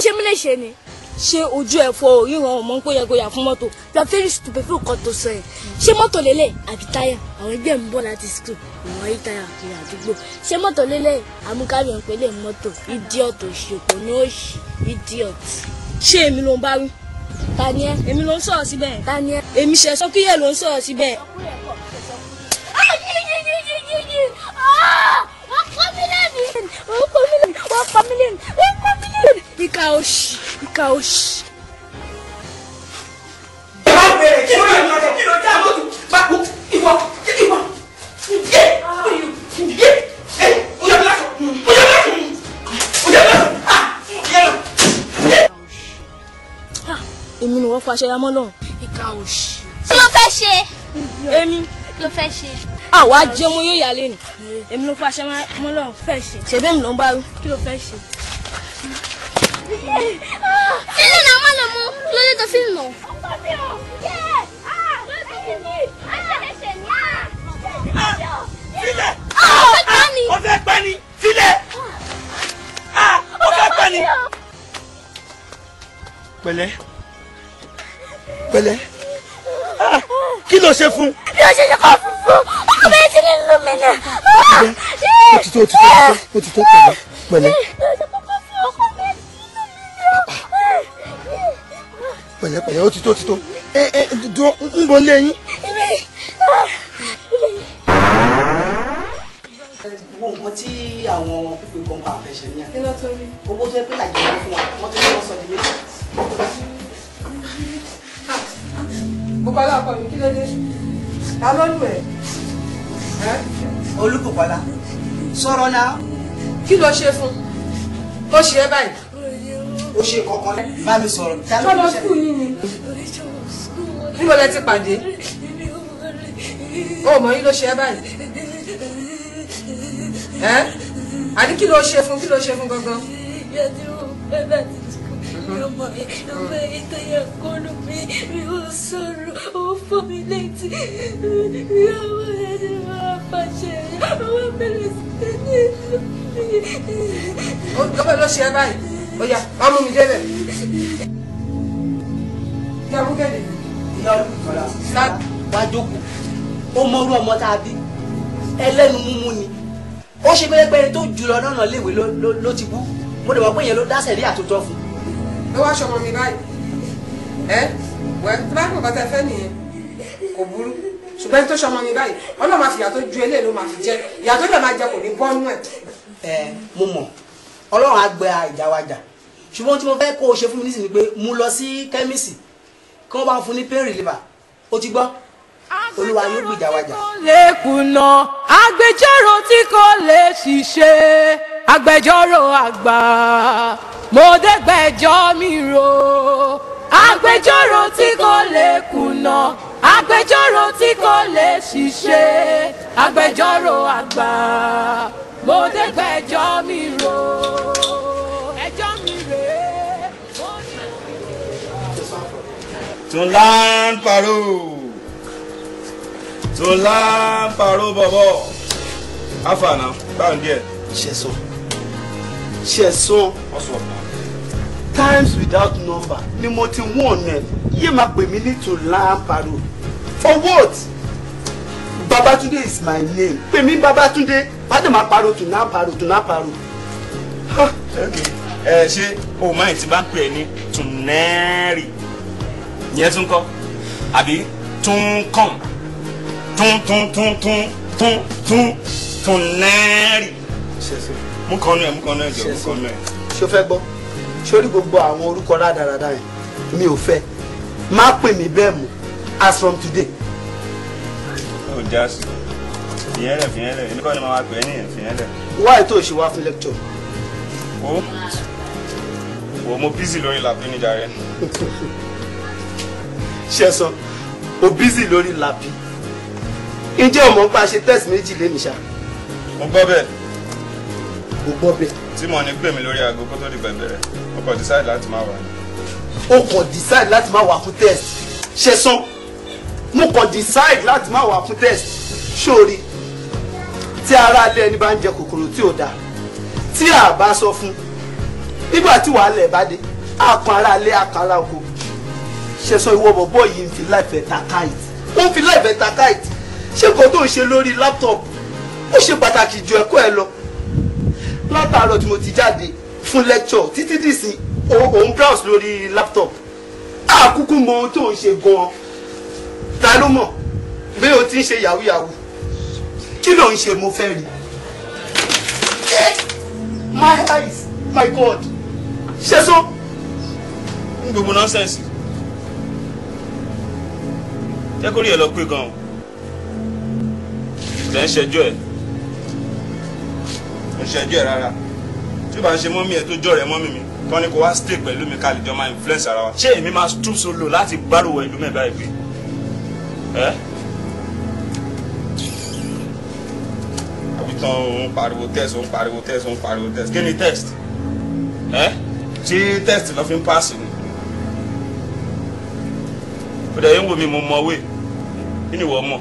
fẹ́ ṣe mí léṣe ni ṣé ojú ẹ fọ ríran ọmọ ń pòyẹ gòyà fún mọ́tò la very stupid fún nǹkan tó sọ yẹn ṣé mọ́tò lélẹ̀ àbí táyà àwọn ẹgbẹ́ mi bọ̀ láti school ìwọ̀n yìí táyà kiri àdúgbò ṣé mọ́tò lélẹ̀ àmúkárì ń pèlè mọ́tò idiot òṣèpọ̀ ní òṣì idiot. ṣé èmi ló ń bá wí. ta ni ẹ èmi ló ń sọ̀rọ̀ síbẹ̀. ta ni ẹ èmi ṣẹ̀ sọ́kúyẹ̀ ló ń sọ̀rọ̀ síbẹ̀. Caos. Caos. èmi ni wọ́n fa aṣẹ́yà mọ́ lọ́hùn. ìka òṣì. kí ló fẹ́ ṣe. èmi. kí ló fẹ́ ṣe. àwa jẹ́ ọmọ yóò yálé ni. èmi ló fa aṣẹ́yà mọ́ lọ́hùn fẹ́ ṣe. ṣèbí mi ló ń bá rú. kí ló fẹ́ ṣe. Ele na mano mo, lo le to sin no. Sílẹ̀! Ó fẹ́ pẹ́ ni! Sílẹ̀! Ó fẹ́ pẹ́ ni! Pẹ̀lẹ́! Pẹ̀lẹ́! Kí ló ṣe fún? Bí o ṣe ṣe kọ́ fún fún, ọkọ mi ti nínú mi náà. Ó ti tó, ó ti tó, ó ti tó, pẹ̀lẹ́, pẹ̀lẹ́. pẹ̀lẹ́pẹ̀lẹ́ ó ti tó ti tó ẹ ẹ dùn ń bọ̀ lé yín. wo nǹkan tí àwọn pípé kan bá fẹ́ ṣe ní àná. kí ló tó rí. owó tó yẹ pé làjẹ́ wọn fún wa wọ́n ti ní wọ́n sọ di méjì. bùkọ́lá ọkọ mi kí ló dé ta ló lù ẹ́. olùkọ́kọ́lá sọ̀rọ̀ náà. kí ló ṣe fún tó ṣe é báyìí ó ṣe kankan bá mi sọ̀rọ̀. sọlọ kú yín ni. níbo lẹ ti pàdé. o mọ yín ló ṣe é báyìí. ẹ àní kí ló ṣe fún kí ló ṣe fún gangan. ó fọ́ mi ṣe é báyìí ó yá wàá mú mi débẹ̀. ìyá múkẹ́lẹ̀. ìyá olùkọ́lá. wàá jókòó ó mọrú ọmọ tá a bí ẹlẹ́nu múmú ni ó ṣe pẹ́ẹ́pẹ́ẹ́ tó jùlọ lọ́nà léwe ló ti bú mo dẹ̀ mọ̀ pé yẹn ló dá sẹ̀rí àtúntọ́ fún. ló wá ṣọmọ mi báyìí ẹ wẹ tó bá kọ̀ kọ́tà fẹ́ nìyẹn kò burú ṣùgbọ́n tó ṣọmọ mi báyìí ọlọ́run máa fi ìyà tó ju eléyìí ló máa fi jẹ ìyà tó lè máa jẹ kò ní bọ́ọ̀nù ẹ̀. ẹ mo mọ ọlọ́run á gbé ìjà wa jà ṣùgbọ́n tí mo fẹ́ kó o ṣe fún mi nísìnyí pé mo lọ sí kẹ́míìsì kí wọ́n bá fún ní pain reliever ó ti gbọ́ olúwa yóò gbìjà wájà. agbẹjọ́rò tí kò lè ṣiṣẹ́ agbẹjọ́rò àgbà mo dẹ́gbẹ́jọ́ mi rò agbẹjọ́rò tí kò lè kùnà agbẹjọ́rò tí kò lè ṣiṣẹ́ agbẹjọ́rò àgbà mo dẹ́gbẹ́jọ́ mi rò. to land paro to land paro bọ̀bọ̀ afana báwo díẹ̀. ṣe sọ ṣe sọ times without number ni mo ti wọ́n ẹ̀ yé máa pè mí ní to land paro for what babatunde is my name pè mí babatunde pàdé máa paro to land paro to land paro. ẹ ṣe o máa ti bá pè é ní tùnẹ́ẹ̀rì yẹn tún kọ́ àbí tún kàn tún tún tún tún tún tún tún nẹ́ẹ̀rì mú kan náà mú kan náà jọ mú kan náà. ṣé o fẹ́ gbọ́ sórí gbogbo àwọn orúkọ rádaràda yẹn mi ò fẹ́ má pè mí bẹ́ẹ̀ mọ́ as from today. ó já sí fìyẹ́lẹ̀ fìyẹ́lẹ̀ èmi kọ́ ni màá pè é nìyẹn fìyẹ́lẹ̀. wá ètò ìṣèwà fún lecture. o o mo busy lórí làbí níjà rẹ ṣe sọ o bízì lórí làbí ǹjẹ́ o mọ̀ pa ṣe test méjì lẹ́nu ṣá. mo gbọ́ bẹ́ẹ̀. mo gbọ́ bẹ́ẹ̀. tí mo ní pè mí lórí aago kó tó di bẹ̀bẹ̀rẹ̀ mo kàn decide láti máa wà ní. o kàn decide láti máa wà fún test ṣe sọ mo kàn decide láti máa wà fún test sórí tí ara alẹ́ ẹni bá ń jẹ kòkòrò tí ò dáa tí a bá sọ fún nígbà tí wàhálà ẹ̀ bá dé àpọn ara alẹ́ àkàrà oko ṣe sọ ìwọ bọ̀bọ̀ yìí ń fi láìfẹ́ ta káìtì ó ń fi láìfẹ́ ta káìtì ṣé nǹkan tó ń ṣe lórí láptọ̀pù ó ṣe pàtàkì ju ẹ̀kọ́ ẹ lọ látàárọ̀ tí mo ti jáde fún lecture títí dìsín òun browse lórí laptop àkúkú mọ ohun tó ń ṣe gan-an ta ló mọ̀ bí o ti ń ṣe yahoo kí ló ń ṣe mo fẹ́ rí my eyes my god ṣe so. gbogbo nonsense jẹ́ kórìí ẹ̀ lọ pé gan-an rẹ̀ ń ṣẹjọ́ ẹ̀ ń ṣẹjọ́ ẹ̀ rárá tí o bá ń ṣe mọ́mí ẹ̀ tó jọ́ rẹ̀ mọ́mí mi kán ní kó wá stay pẹ̀lú mi ká lè jọ máa influence ara wa ṣé èmi máa stoop so low láti gbárùwọ̀ ìlú mẹ́ẹ̀ báyìí pé ẹ́ àbítán òun pariwo test òun pariwo test òun pariwo test kí ni test ẹ́ ṣé test lọ́ fi ń pass ni ó dẹ̀ yín wo mi mo mọ̀ wéè kí ni ìwọ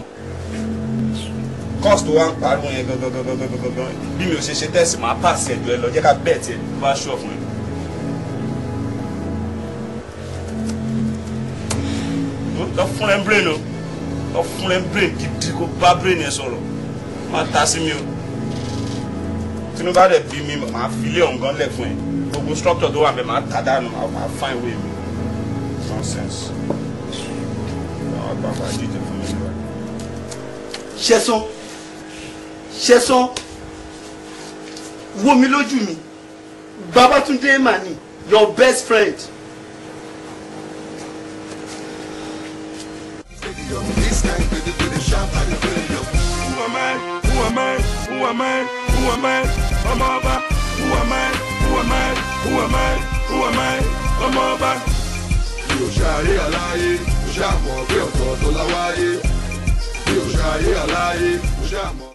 cost wa ń parun yẹn gangan gangan gangan gangan bí mi ò ṣe ṣe test máa pass ẹ̀jọ̀ ẹ lọ jẹ́ ká bẹ́ẹ̀ tiẹ̀ bá ṣọ́ fún ẹ. lọ fún ẹ brain o lọ fún ẹ brain gidi kó bá brain yẹn sọ̀rọ̀ má ta sí mi o tinubu bá dẹ̀ bí mi máa fi ilé ọ̀ngán lẹ̀ fún ẹ gbogbo structure tó wà bẹ́ẹ̀ máa tà dànù máa fine way mi nonsense ṣẹ̀sán ṣẹ̀sán wo mi lójú mi Babátúndé mani your best friend. Who am I? Who am I? Who am I? Who am I? Ọmọ ọba. Who am I? Who am I? Who am I? Who am I? Ọmọ ọba. Mi ò ṣàárẹ̀ aláyé, mo ṣàmọ̀ pé ọ̀tọ̀ọ̀tọ̀ la wáyé òṣàyé àlàyé òṣàmọ.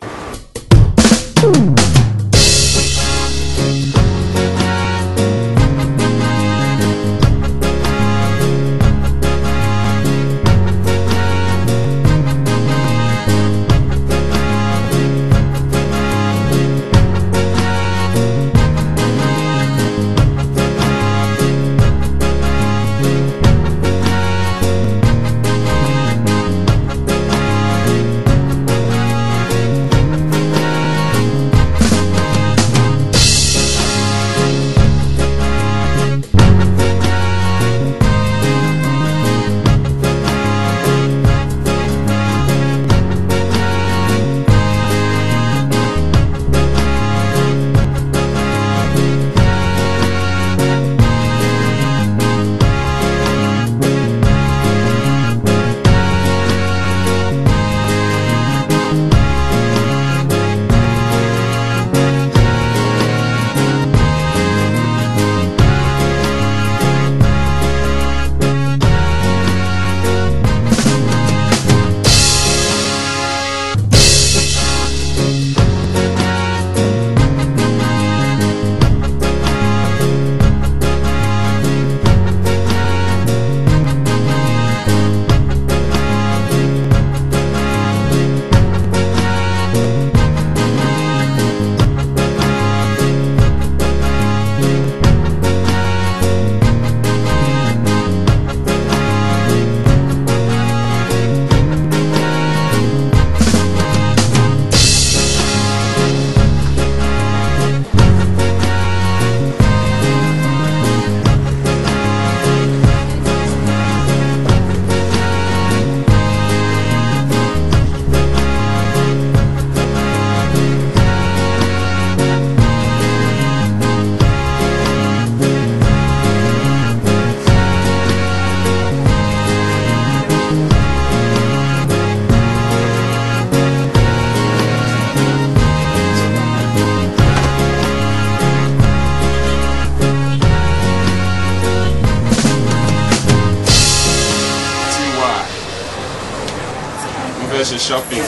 shopping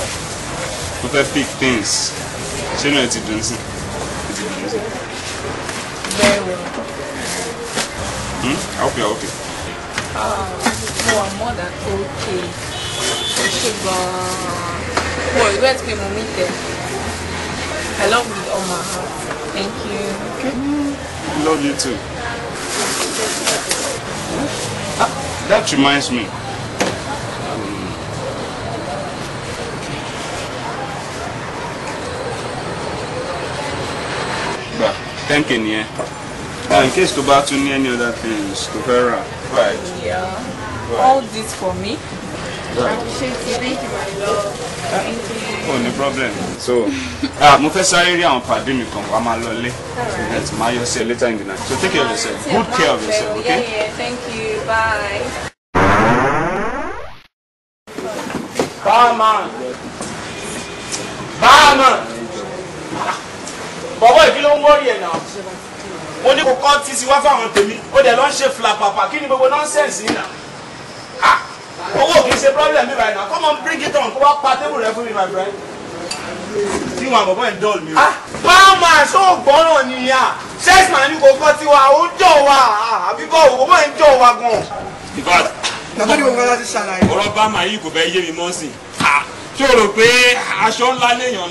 mo fẹ́ pick things ṣé náà ti dùn sí i ti dùn hmm? Okay. i. ok ah, ok. more than okay ó ṣe boy. an mo regret pé I love you all my heart thank you. Okay. love you too. Ah, that reminds me. ten Yeah. nìyẹn in case tó bá tún any other things to fẹ́ right yeah right. all this for me. Right. Oh, no problem. So, ah, mo fẹ́ sáré rí àwọn pàdé mi kan, wàá máa lọ ilé. Let's máa yọ later in the night. So take care of yourself. Good care of yourself, okay? Yeah, yeah, thank you. Bye. Bye, man. Bye, man bọ̀bọ̀ ìbí ń wọ́ọ̀rì ẹ̀ náà mo ní kò kọ́ ti wá fáwọn tèmi ó dẹ̀ lọ́ ń ṣe flapapa kí ni gbogbo nọ́ńsẹ̀nsì yìí náà owó kì ṣe problem mi báyìí náà come on bring it on kó wá pa tébù rẹ fún mi my friend tí wọn àbọ̀bọ̀ ẹ̀ dọ́ọ̀lù mi o. Ah! báwo máa ṣó gbọ́ràn nìyà sex man ni kò kọ́ tiwa ó jọ wa àbí bọ́ọ̀ owó ẹ̀ ń jọ wa gan. ìbáàdì. bàbá ni mo fẹ́ láti ṣàlàyé. ọ̀rọ̀ bá màá yìí kò fẹ́ yé mi mọ́ sí i. ṣé o rò pé aṣọ ńlá léèyàn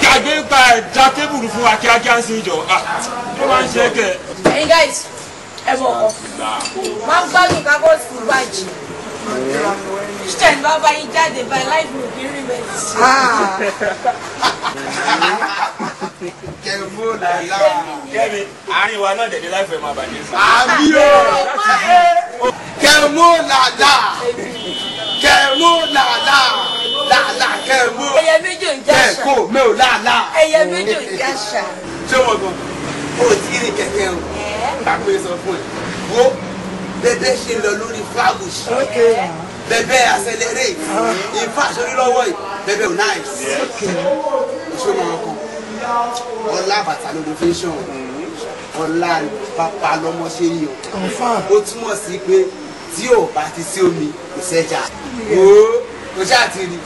gbàgbé gba ẹja tébùrù fún wa kíákíá sí ìjọ ló ah, máa ń ṣe kẹ. ẹyin guys ẹ bọ̀ ọkọ̀ máa ń gbádùn kákó sí ìbàjì christian bá bá yín jáde báyìí láì fún òbí rí bẹ́ẹ̀ sí. kẹ̀mú làlá kẹ́mi àárín wa náà dẹ̀dẹ̀ láìpẹ́ máa bàjẹ́ sí. àbí o kẹ̀mú làlá kẹmú làlà làlà kẹmú kẹkó mi ò làlà. ẹyẹ méjì ò já ṣá. ṣé wọn gan o ti rìn kẹkẹ o gbàgbé sọ fún ẹ wo bẹbẹ ṣe lọ lórí fúlágù ṣì bẹbẹ accelerate ìfà ah. sórí lọ́wọ́ yìí bẹbẹ ò náà yìí ìṣòro ọkàn ọlá bàtà ló ló fi ṣàn mm-hmm. ọlá bàbá lọmọ ṣe yìí o ó túmọ̀ sí pé tí ò bá ti sí omi kò sẹ́jà o kò ṣáà rí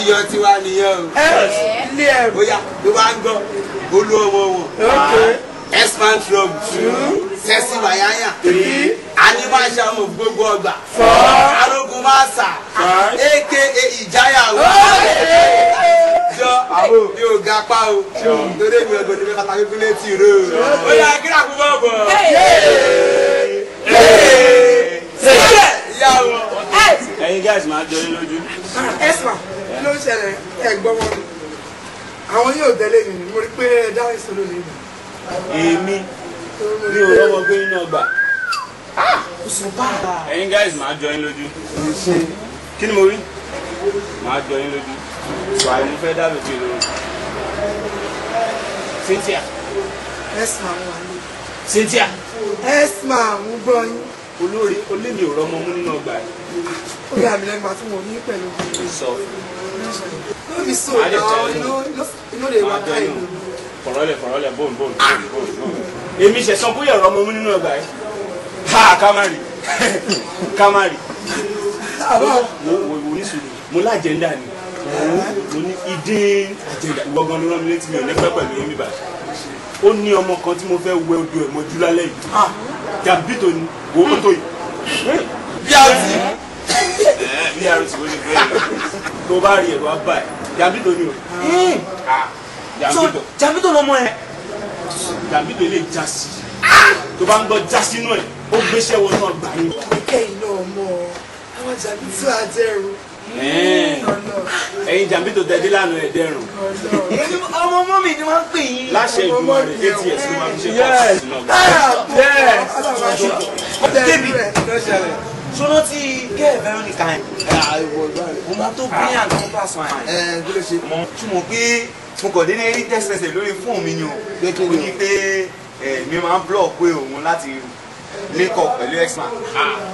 iyọ̀ tiwa nìyẹn o bóyá ló bá ń gbọ́ olú ọmọ wọn expand ah, from two sẹ́sì wàyáyà three animation of gbogbo ọgbà four arógun máàsà aka ìjáyà wà mi ò ga pa o torí èmi ọgbọ̀n ní mẹ́ta kíkún létí rò ó yà kí ni àkúbọ̀ bọ̀ ẹyin guys máa jọ yín lójú. ẹ ah, sà kí ló ń ṣẹlẹ̀ ẹ gbọ́ wọn ni àwọn yóò tẹ̀lé mi ni mo rí pé ẹ dá ìṣòro mi. èmi mi ò rọ́wọ́ pé iná gbà. Ah, ẹyin guys máa jọ yín lójú. kí ni mo rí? máa jọ yín lójú. wàá mo fẹ́ dábò tó lóru. Cynthia. ẹ sà wà Cynthia. ẹ sà ń gbọ́ yín olórí olémi ò rọmọ mú nínú ọgbà yìí. ó yà mí lẹ́gbàá fún wọn ní pẹ̀lú. sọ no be so na you no dey waka you. kọ̀rọ̀lẹ̀ kọ̀rọ̀lẹ̀ bone bone bone bone. èmi ṣẹ̀sán bóyá ọ̀rọ̀ ọmọ mú nínú ọgbà yìí. ha kamari kamari. wo wo wo ní sùúrù mo lájẹ̀ndà ni mo ní ìdí àjẹ̀ndà gbọ̀ngàn ló rán mi létí mi ò ní pẹ́ pẹ̀lú yín bíbá. ó ní ọmọ kan tí mo fẹ́ wẹ odò ẹ̀ mọ́jú lálẹ́ yìí. Ah jàmbítò ni wò ó tó yìí. brt brt ó ní bẹ́ẹ̀ tó bá rí ẹ̀rọ abá ẹ̀ jàmbítò ni o. jàmbítò hmm. jàmbítò lọmọ ẹ. jàmbítò lè já sí tó bá ń gbọ́ já sínú ẹ̀ ó gbéṣẹ́ wọnú ọgbà yín. kẹ́hìn náà mọ̀ ọ́ àwọn jàmbítò àjẹrù ẹ̀yin jàmbí tó tẹ̀dí lánàá ẹ̀ dẹ́rùn. ọmọ ọmọ mi ni wọ́n pè yín. láṣẹ ìgbìmọ̀ rẹ̀ eight years ló máa fi ṣe pàṣẹ lọ́gbà. Ah, débi sọ́nà tí gẹ́ẹ̀ veronica ẹ̀ ah, mo máa tó bí àná bá sàn ẹ̀ tí mo gbé eh, mo kọ̀ déédéé rí tẹ́sítẹ́sítẹ́ lórí fóònù mi ni o ó ní pé eh, mi máa ń blọ̀ pé òun láti make up pẹ̀lú x-man.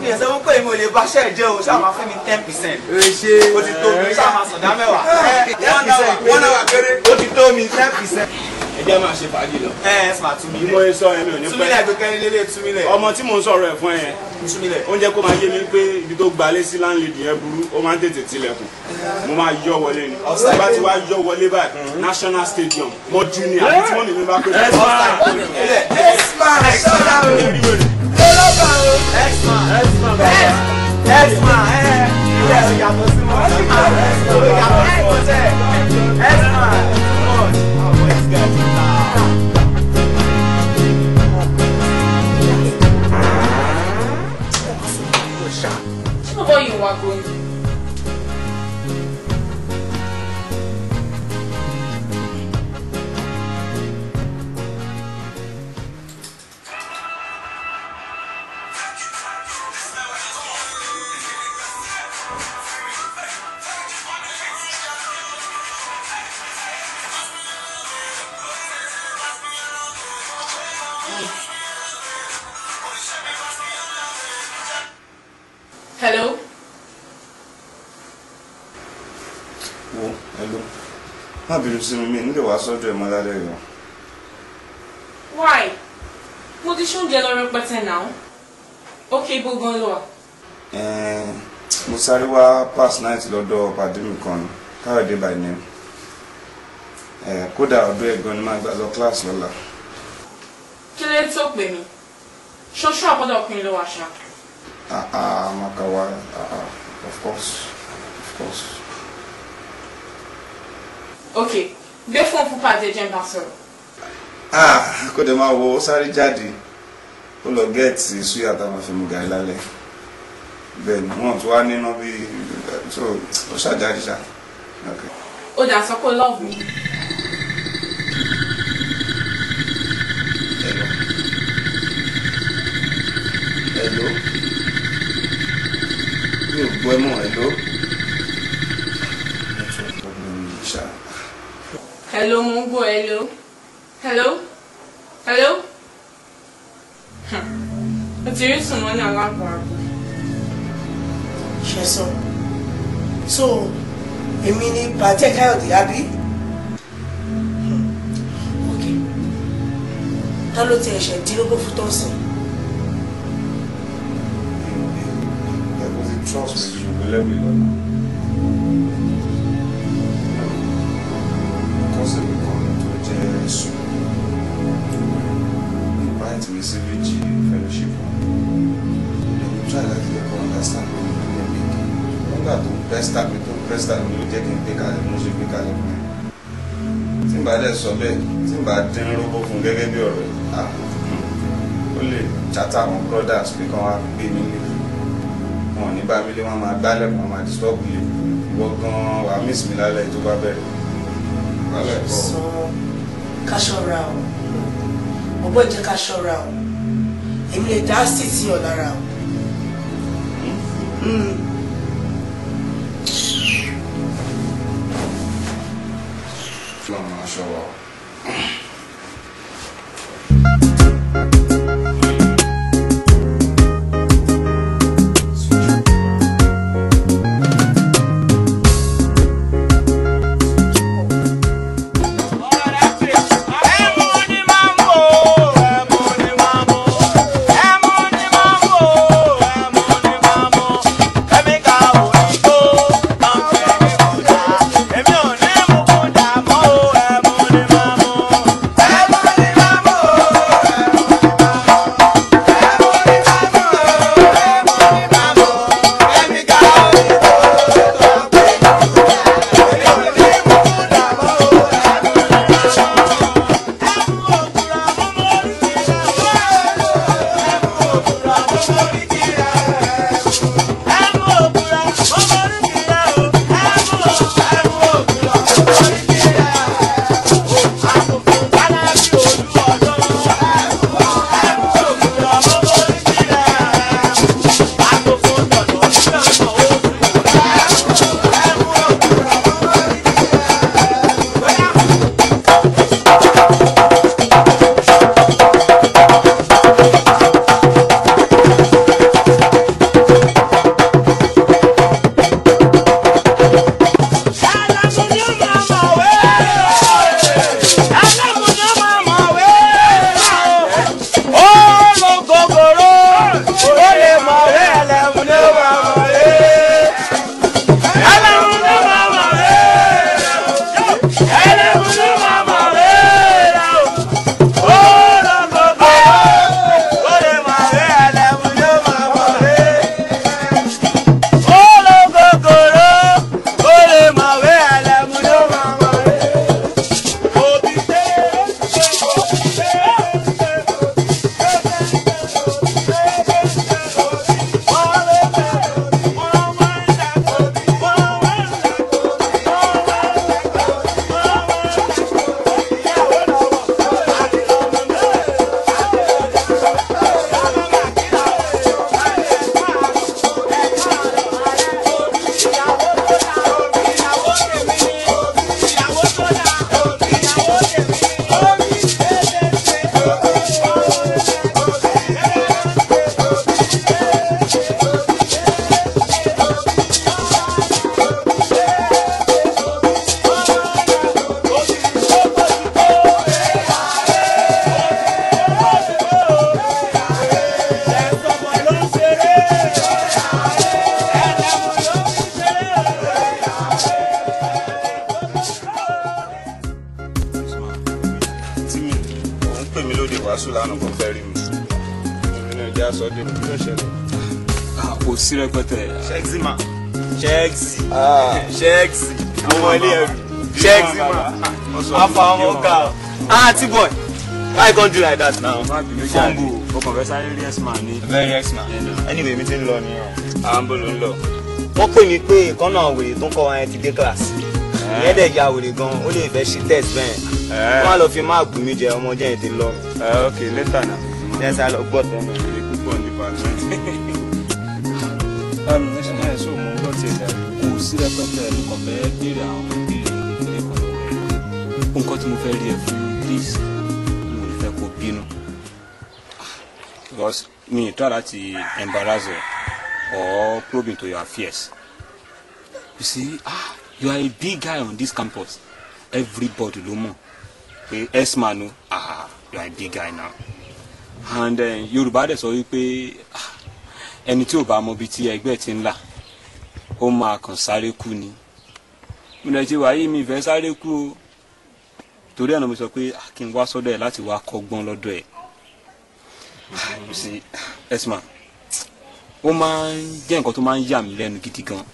mi ò sọ fún pé mo lè bá ṣẹ́ jẹ́ o ṣáà máa fún mi ten percent. ṣe o ti tó mi ṣáà máa sọ̀dá mẹ́wàá. one eh, hour one hour péré o ti tó mi ten percent. ẹ jẹ́ máa ṣe fàájì lọ. ẹ eh, ẹ sọ àtúmílẹ̀. bí mo ṣe sọ ẹ mi ò ní pẹ́. túmílẹ̀ gbẹ̀kẹ́ ní lélẹ̀ túmílẹ̀. ọmọ tí mò ń sọ̀rọ̀ ẹ̀ fún ẹ túmílẹ̀. oúnjẹ kó máa yé mi pé ibi tó gbalé sí láńlẹ́dì yẹn burú ó máa ń tètè tilẹ̀kùn mo máa yọ wọlé ni ọ̀sán bá ti wá yọ wọlé báyìí mm-hmm. national stadium mọ́jú junior. àbí tí wọ́n mi bá pé. ẹ ẹ ẹ ẹ ẹ ẹ ẹ ẹ ẹ ẹ bá o. X-Man X-Man bẹ̀rẹ̀ X-Man ẹ̀ ilé ẹ̀ yàtọ̀ sí wọn X-Man ẹ̀ yàtọ̀ sí wọn tẹ̀ X-Man too much àwọn ẹ̀sìkà ti ta. What you are going hello. wo hello má bínú sí mi mi nílé wàá sọ́jọ́ ẹ̀ mọ́ lálẹ́ yìí o. why mo ti ṣóúnjẹ lọ rẹpẹtẹ now? Okay, bó gan ló wà. mo sáré wá pass night lọ́dọ̀ pàdé mi kan káyọ̀dé by name kódà ọdún ẹ̀gbọ́n ni máa gbà lọ class lọ́la. kí ló tó pè mí ṣoṣo àbọ̀dọ̀ ọkùnrin ló wà ṣáà. Ah, ah, Makawa, ah, ah, of course, of course. Ok, gbé fún fún pàdé jẹ́ ń bá sọ̀rọ̀. Ah, kó dẹ̀ máa wọ ó sáré jáde, ó lọ gẹ́ẹ̀tì súyà tá a máa fi mú gàrí lálẹ́. Bẹ́ẹ̀ni, wọ́n tún wá níná bíi, so, ó ṣàjáde ṣá. Ó dà sọ pé gbọ́ ẹ̀mọ́ hello. hello mo ń gbọ́ hello hello hello o hmm. ti rí sùn mọ́ ní aláàbò àgbà. ṣe sọ so èmi ni bàjẹ́ káyọ̀dé àbí. Hmm. ok ta ló ti ẹ̀ṣẹ̀ dín lógún fún tọ́sán. trust me you will lẹ́mí lọ́la. kọ́sẹ̀mì kan tó jẹ́ sùn nípa ìtìmí sí méjì fellowship wọn try láti lè kọ́ understand me ní ilé mi kí nígbà tó pẹ́sítà mi tó pẹ́sítà mi ló jẹ́ kí n gbé kalẹ̀ mo ṣe gbé kalẹ̀ fún mi tí n bá dẹ̀ sọ bẹ́ẹ̀ tí n bá dín lóko fún brothers pé kán wá gbé wọn ò ní bá mi lé wọn máa gbálẹ̀ wọn máa disturb mi ìwọ gan wà miss mi lálẹ́ tó bá bẹ̀rẹ̀ wàhálà ẹ̀kọ́. sọ ká ṣọ́ra o ọgbọ́n jẹ́ ká ṣọ́ra o èmi lè dá sí sí ọ o. fúlọ́mù aṣọ wa máa fa ọmọ ga o. ah t boy why you come do like that now. fumble o kàn fẹ́ sáré rí x-man ni. very x-man anyway mi ti ń lọ nìyẹn. à ń bolo ń lọ. wọ́n pè mí pé ìkan náà wèrè tó ń kọ́ wa yẹn ti dé kíláàsì eh. ìyẹn dẹ̀ ya wèrè gan ó lè fẹ́ ṣe test bẹ́ẹ̀ eh. wọ́n á lọ fi máàkù mi jẹ ọmọ jẹ́ ètè lọ. Eh, ok later na. yẹn sá lọ gbọ́ tẹ́lẹ̀. èyí púpọ̀ ní pàṣẹ. ẹ ṣe náà ẹ sọ mọ ọgbọ́n ti kò sí rẹpẹtẹ ẹnu kọ̀ọ̀bẹ bèrè àwọn tí mo fẹ́ rí ẹ fún un please mo fẹ́ kó because mi try láti embarrass her or probe to your affairs you see ah you are a big guy on this campus everybody ló mọ̀ pé s man o ah you are a big guy now and uh, yorùbá dẹ̀ sọ wípé ah, ẹni tí ò bá mọ ibi tí ẹgbẹ́ ti ń là ó máa kàn sáré kú ni mo lè ti wáyé mi ìfẹ́ sáré kú o torí àná mi sọ pé ah, kí n wá sọ́dọ̀ ẹ̀ láti wá kọ́gbọ́n lọ́dọ̀ ẹ̀ ah, you see esma ó máa ń jẹ́ nǹkan tó máa ń yà mí lẹ́nu gidi gan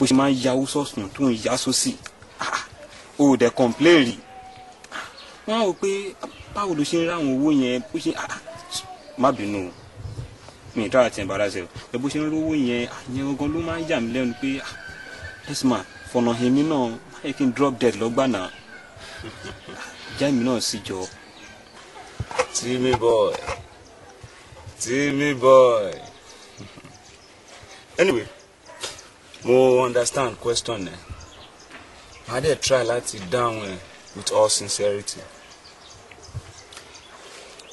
bó ṣe máa ń ya sọ̀sùn tó ń ya sósì ó ah, dẹ̀ complain rí wọ́n rò pé báwo ló ṣe ń ráwọn owó yẹn bó ṣe má bínú o mi ì tààtì ìbára ṣe o bó ṣe ń rówó yẹn àyẹn gan ló máa ń yà mí lẹ́nu pé esma fọ̀nà èmi náà má yẹ kí n drop dead lọ́gbà náà ìjà mi náà sì jọ. Timmy boy Timmy boy anyway mo understand question ẹ màá dẹ̀ try láti dáhùn ẹ with all sincerity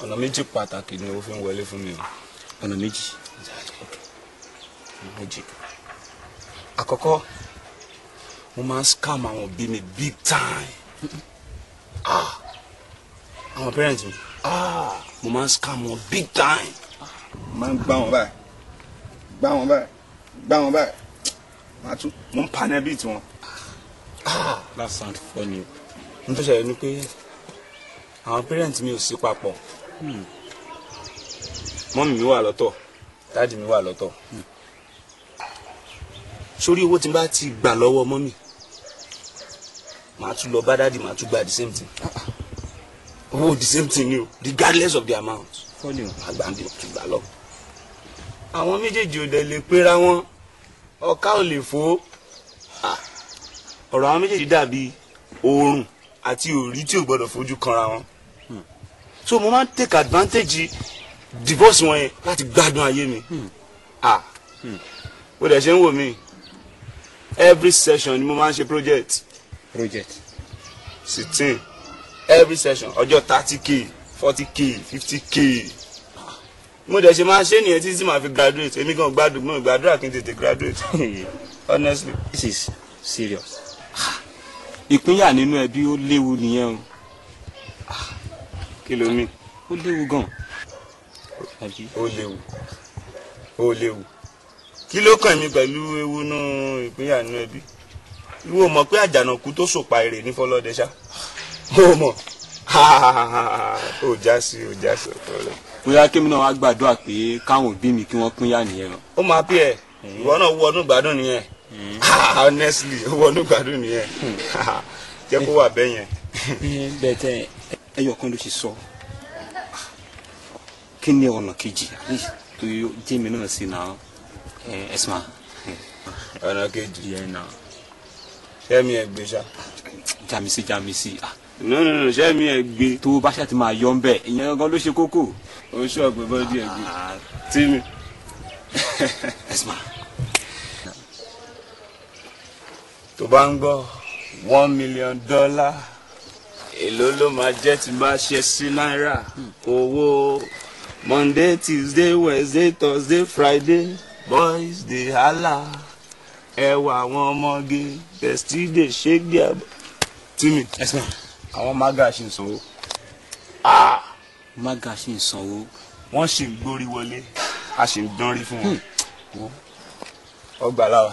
ọ̀nà méjì pàtàkì ni o fi ń wọlé fún mi o. ọ̀nà méjì. méjì. àkọ́kọ́ mo máa ń scam àwọn òbí mi big time. Our ah. parents ah, mo máa ń scam wọn big time. máa ń gbá wọn báyìí gbá wọn báyìí gbá wọn báyìí màá tún mo ń panẹ́ bíi tiwọn. Ah. that sound funny. n tó ṣẹlẹ̀ ni pé àwọn parents mi ò sí papọ̀ hmm. mọ́mì mi wà lọ́tọ̀ dáàdì mi wà lọ́tọ̀ hmm. sórí owó tí n bá ti gbà lọ́wọ́ mọ́mì. Hmm màá tún lọ bá dáàdì màá tún gba the same thing Oh, the same thing ni o regardless of the amount àgbàǹdì tún gbà lọ. àwọn méjèèjì ò dẹ̀ lè pera wọn ọ̀ká ò lè fò ọ̀rọ̀ àwọn méjèèjì dàbí oorun àti òrí tí ò gbọ́dọ̀ fojú kanra wọn hmm. so mo máa ń take advantage divorce wọn yẹn láti gbádùn ayé mi ah hmm. bó hmm. dẹ̀ ṣe ń wò mí every session ni mo máa ń ṣe project project. sixteen every session ọjọ́ thirty k forty k fifty k mo dẹ̀ ṣe máa ṣe nìyẹn títí màá fi graduate èmi gan gbádùn mo gbàdúrà kí n tètè graduate honestly. this is serious. ìpínyà nínú ẹbí ó léwu nìyẹn o. kí ló mì. ó léwu gan. ó léwu ó léwu kí ló kàn mí pẹ̀lú ewu náà ìpínyà nínú ẹbí ìwọ mọ̀ pé àjànàkú tó sòpa èrè ní fọlọ́dẹ ṣá mo mọ̀ ó já sí ó já sí ọ̀tọ̀ rẹ̀. bóyá kémi náà wá gbàdúrà pé káwọn òbí mi kí wọ́n pín yà nìyẹn lọ. ó máa pí ẹ ìwọ náà wọnú gbádùn nìyẹn honestly ó wọnú gbádùn nìyẹn jẹ́ kó wà bẹ́ẹ̀ yẹn. bẹ́ẹ̀ tẹ ẹyọ kan ló ṣe sọ kí ni ọ̀nà kejì tó jẹ́ mi náà sí náà ẹ̀sìn ọ̀nà kejì yẹn náà sẹ́mi ẹ̀ gbé sa. jamisi jamisi ah. no sẹ́mi ẹ̀ gbé. tó bá ṣe ti máa yọ ń bẹ ìyẹn gangan ló ṣe kókó. o ṣe ọgbẹ bọ́dí ẹ̀ gbé tí mi. máa. tó bá ń gbọ́ one million dollar èló ló máa jẹ́ tí bá ṣe sí náírà hmm. owó monday tuesday wednesday thursday friday boys dey hala ẹwà àwọn ọmọge tẹsídẹ ṣégbé àbọ túmí àwọn maga ṣì ń sanwó. Ah! maga ṣì ń sanwó. wọ́n ṣì ń gbórí wọlé a ṣì ń dánrí fún wọn. Hmm. ọgbà làwà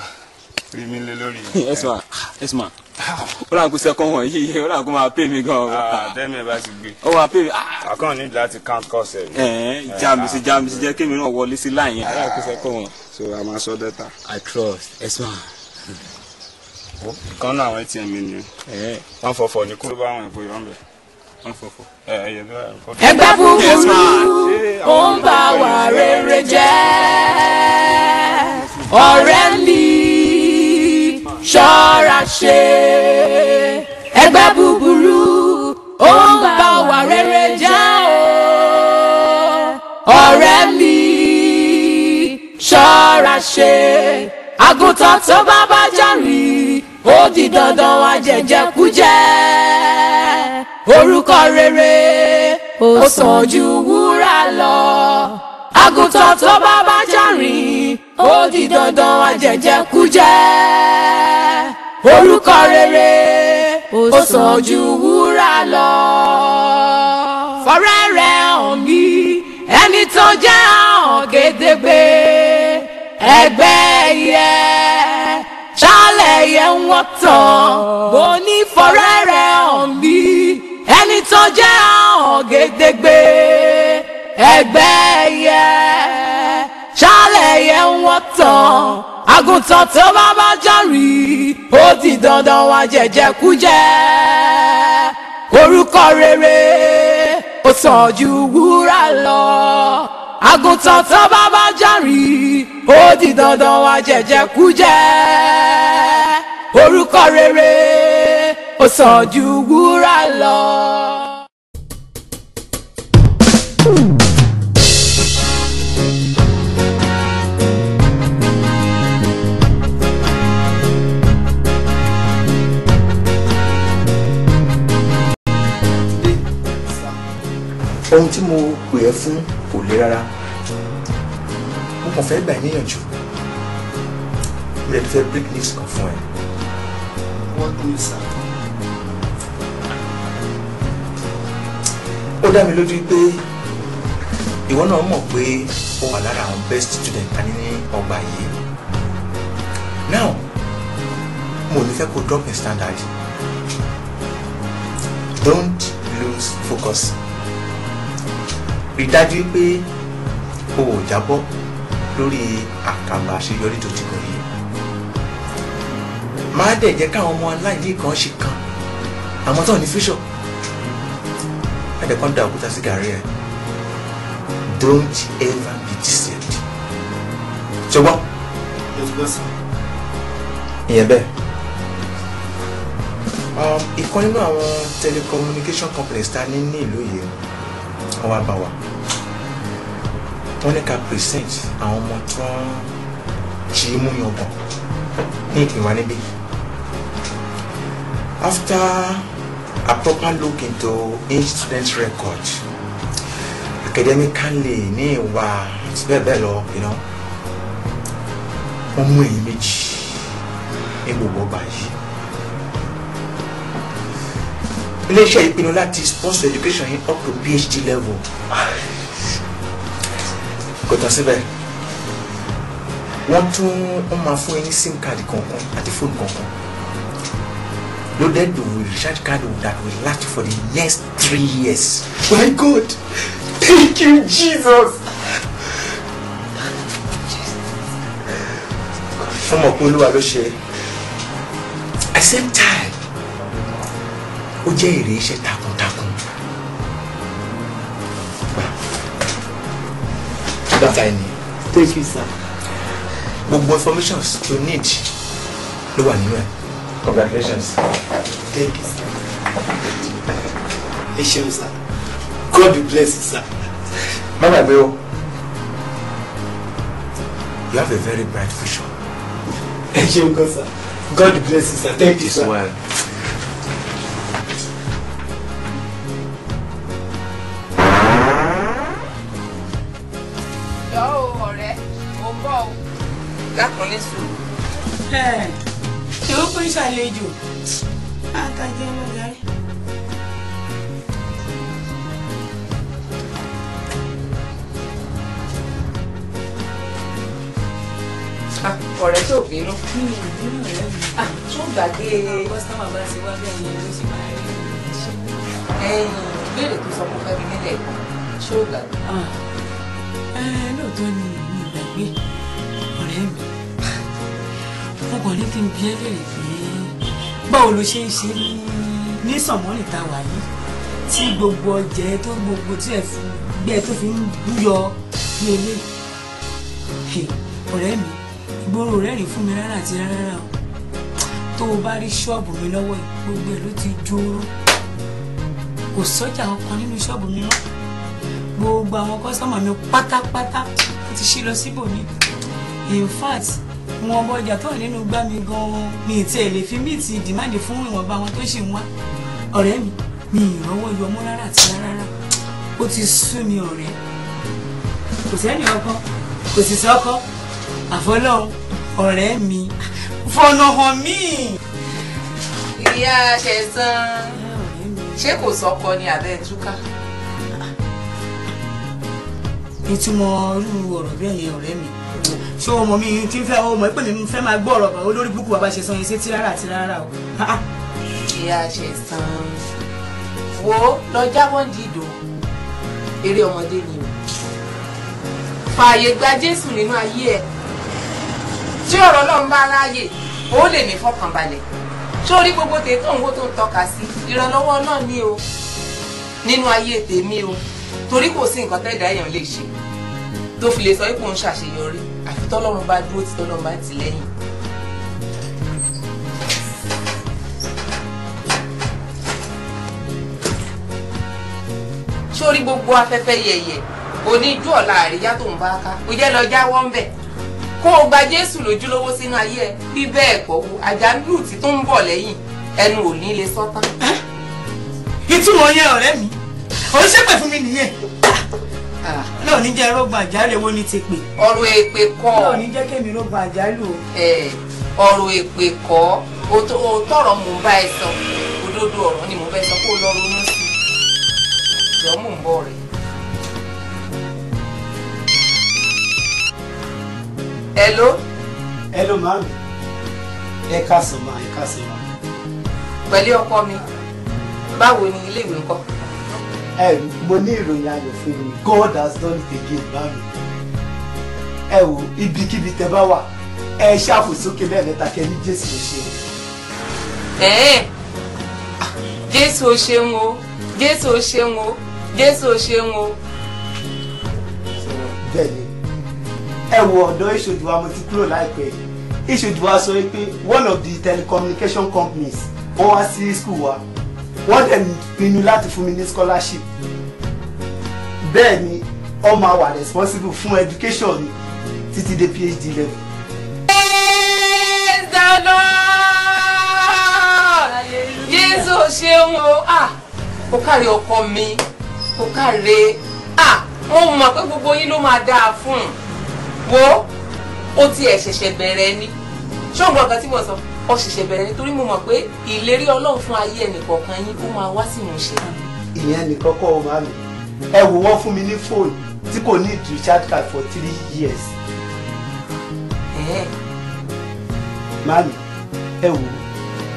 rí mi lé lórí. ẹ ẹ sọ ma ó ràn kó sẹ́kọ̀n wọ̀n yìí ó ràn máa pè mí gan. Ah, tẹ́mi ẹ bá ti gbé. ó wàá pè mí. àkàn ah. ní láti count cost ẹ. ẹ̀ẹ́n ah. jàmùsí jàmùsí jẹ́ kémi náà wọlé sí láàyè ó ràn kó wọ̀n. so a máa sọ data. i trust ẹ̀sùn kan náà àwọn atm mi ni one four four ni ló bá àwọn ìpòyàn bẹ̀ one four four. ẹgbẹ́ búburú ó ń bá wa rere jẹ́ ọ̀rẹ́ mi ṣọ́ra ṣe ẹgbẹ́ búburú ó ń bá wà rere jẹ́ o ọ̀rẹ́ mi ṣọ́ra ṣe àgùntàn tó bá bá jàrí ó di dandan wá jẹjẹkújẹ orúkọ rere ó sàn ju wúrà lọ àgùntàn tó bá bá jàrí ó di dandan àjẹjẹ kú jẹ́ orúkọ rere ó sàn ju wúrà lọ. fọ̀rẹ́ rẹ̀ hàn mí ẹni tó jẹ́ hàn gédégbé ẹgbẹ́ yẹ ṣálẹ̀ yẹ ń wọ́n tán mo ní fọ̀rẹ́ rẹ̀ hàn mí ẹni tó jẹ́ hàn gédégbé ẹgbẹ́ tán àgùntàn tó bá bá jàrí ó di dandan wá jẹjẹkújẹ orúkọ rere ó sàn ju wúrà lọ àgùntàn tó bá bá jàrí ó di dandan wá jẹjẹkújẹ orúkọ rere ó sàn ju wúrà lọ. ohun tí mo pè ẹ́ fún kò le rárá mo kàn fẹ́ gbà níyànjú mo lè fẹ́ break news kan fún ẹ. wọ́n tún mi sá. ó dá mi lójú pé ìwọ náà mọ̀ pé ó wà lára àwọn best student ta ní ọgbà yìí now mo ní fẹ́ kó drop your standard don't lose focus rí dájú pé o ò jábọ́ lórí àkàbà àṣeyọrí tó ti kàn yìí má dẹ̀ jẹ́ káwọn ọmọ aláìní kan ṣe kan àwọn tó ní fíṣọ̀ ẹ̀dẹ̀kan da òkúta sí gàrí ẹ̀ don't ever be deceived ṣùgbọ́n ìyẹn bẹ́ẹ̀ um, ìkan nínú àwọn telecommunication companies ta ní ní ìlú yìí kan wá bá wa wọ́n ní ká present àwọn ọmọ tó ń jí mú yangàn ní ìpín níbí after a proper look into each student record academically ní ìwà àti bẹ́ẹ̀ bẹ́ẹ̀ lọ you know wọ́n mú èyí méjì ní gbogbo ọgbà yìí iléeṣẹ́ ìpinnu láti sponsor education yín up to phd level kò tán síbẹ̀ wọ́n tún wọ́n máa fún yín sim card kankan àti phone. kankan loaded with recharge card that will last for the next three years my god thank you jesus. fún ọmọ pé olúwa ló ṣe at the same time ó jẹ́ èrè iṣẹ́ takuntakun. dọ́tà ẹni. thank you sir. gbogbo information you need ló wà nínú ẹ. congratulations. thank you sir. ẹ ṣeun sir. God bless you sir. Mama gbàgbé o. you have a very bright future. ẹ ṣeun kan sir. God bless you sir. thank you sir. Well. kéré jù àtàjẹ́ lọ yàrá. olha tó bínú. mi ò bínú ọ̀rẹ́ mi. tó gbàgbé. kọ́sítọ́mà bá ti wá bẹ́ẹ̀ ni ló ṣe máa rí ìrìnàṣẹ́. ẹyin ìbéèrè tó sọ fún fẹ́mi nílẹ̀ Olha, ṣó gbàgbé. lóòótọ́ ni mi ò gbàgbé ọ̀rẹ́ mi. mo kàn ní kí n bí ẹ lè rí i báwo ló ní sànmọ́nì tá a wà yìí tí gbogbo ọjẹ tó gbogbo tí ẹ fi gbẹ tó fi ń búyọ ní ilé ọ̀rẹ́ mi ìgboro rẹ̀ rìn fún mi rárá àti rárá o tó o bá rí ṣọ́ọ̀bù mi lọ́wọ́ gbogbo ẹ̀ ló ti jóró kò sọ́jà ọkàn nínú ṣọ́ọ̀bù mi mọ́ gbogbo àwọn kọ́sọ́mà mi pátápátá ti ṣí lọ síbò ní in fact wọn bọjà tó wà nínú gbá mi gan-an ní ìtí ẹ̀ lè fi míìtì dìmáàdì fún ìwọ̀nba wọn tó ṣì ń wá ọ̀rẹ́ mi mi ìrànwọ́ yọ mọ́ rárá àti rárá ó ti sú mi ọ̀rẹ́ kò sẹ́ni ọkọ kò sì sọ́kọ àfọlọ́hún ọ̀rẹ́ mi fọ̀nà hàn mí. ìyá ṣẹ̀sán ṣé kò sọ́kọ ni àbẹ́ túká. ìtumọ̀ irú ọ̀rọ̀ bẹ́ẹ̀ yẹn ọ̀rẹ́ mi so ọmọ mi ti ń fẹ́ ọmọ ẹgbẹ́ mi fẹ́ máa gbọ́ ọ̀rọ̀ bàbá olórí burúkú bàbá ṣe san iṣẹ́ tírára àti rárá o. ìyá ṣe san wo lọ jábọ́ dìdò eré ọmọdé ni o fààyè gba jésù nínú ayé ẹ tí ọ̀rọ̀ ọlọ́run bá láàyè ó lè ní fọkànbalẹ̀ sórí gbogbo tètò òǹwó tó ń tọ́ka sí ìrànlọ́wọ́ náà ni o nínú ayé tèmi o torí kò sí nǹkan tẹ́ẹ̀dá èèyàn lè ṣe tó fi lè sọ ipò ń ṣàṣeyọrí àfi tọ́lọ́run bá dúró tí tọ́lọ́run bá ti lẹ́yìn. sórí gbogbo afẹ́fẹ́ yẹ̀yẹ̀ oníjú ọ̀la àríyá tó ń bá ká kò jẹ́ lọ jáwọ́ ń bẹ̀ kó o gba jésù lójúlówó sínú ayé ẹ bí bẹ́ẹ̀ kọ́ wo àjálù tí tó ń bọ̀ lẹ́yìn ẹnu ò ní lè sọ́tàn. ìtumọ̀ yẹn ọ̀rẹ́ mi ò fún mi nìyẹn náà ní jẹ́ rógbà àjálù owó ní ti pè. ọrụ èpè kọ́. náà ní jẹ́ kémi rógbà àjálù. ọ̀rọ̀ èpè kọ́ òótọ́ mò ń bá ẹ sọ òdodo ni mò ń bá ẹ sọ kó lọ ronú sí i mò ń ẹ máa ẹ máa. pẹ̀lú ọkọ mi báwo ni ń mo ní ìròyìn ayọ̀ fún mi God has done it again báyìí ẹ wo ibikíbi tẹ bá wà ẹ ṣáàfù sókè lẹ́ẹ̀mẹ́ta kẹ ní Jésù ò ṣeun. Jésù ò ṣeun o Jésù ò ṣeun o Jésù ò ṣeun o. bẹ́ẹ̀ni ẹ wo ọ̀dọ̀ ìṣòdùwà mo ti kúrò láìpẹ́ ìṣòdùwà sọ pé one of the telecommunication companies wọ́n wá sí school wa wọ́n dẹ̀ pinnu láti fún mi ní scholarship bẹ́ẹ̀ ni ó máa wà responsible fún education mi títí dé phd level. praise the lord Jesus, ṣeun o ah kò káre ọkọ mi kò káre ah mo mọ̀ pé gbogbo yín ló máa dáa fún un wo ó tiẹ̀ ṣẹ̀ṣẹ̀ bẹ̀rẹ̀ ni ṣé ọ̀gá tí mo sọ. So? ọ ṣẹ̀ṣẹ̀ bẹ̀rẹ̀ nítorí mo mọ̀ pé ìlérí ọlọ́run fún ayé ẹnìkọ̀ọ̀kan yín ó máa wá sí ìmúṣẹ. ìyẹn nìkan kọ́ ọ máa mi ẹ wò wọ́n fún mi ní fóònù tí kò ní ìdú recharge card for three years. Mami, ẹ wò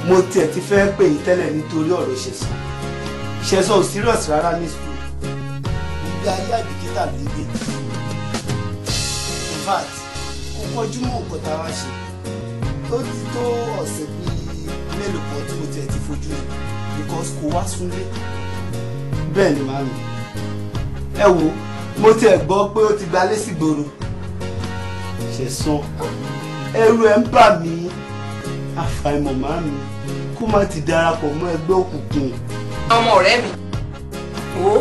mo tiẹ̀ ti fẹ́ pè yín tẹ́lẹ̀ nítorí ọ̀rọ̀ ṣẹ̀sán. Ṣẹ̀sán ò serious rárá ní school. Ibi ayé àbíkítà lédè. In fact, kò kọjú mọ́ nǹkan tá a wá ṣe ó ti tó ọ̀sẹ̀ bíi mélòó kan tí mo tiẹ̀ ti fojú rí because kò wá súnlé bẹ́ẹ̀ ni màmí ẹ wo mo tiẹ̀ gbọ́ pé ó ti gbalé sí gbòòrò ṣe sàn ẹrù ẹ̀ ń bà mí àfàìmọ̀ màmí kó má ti darapọ̀ mọ́ ẹgbẹ́ òkùnkùn. ọmọ ọ̀rẹ́ mi wo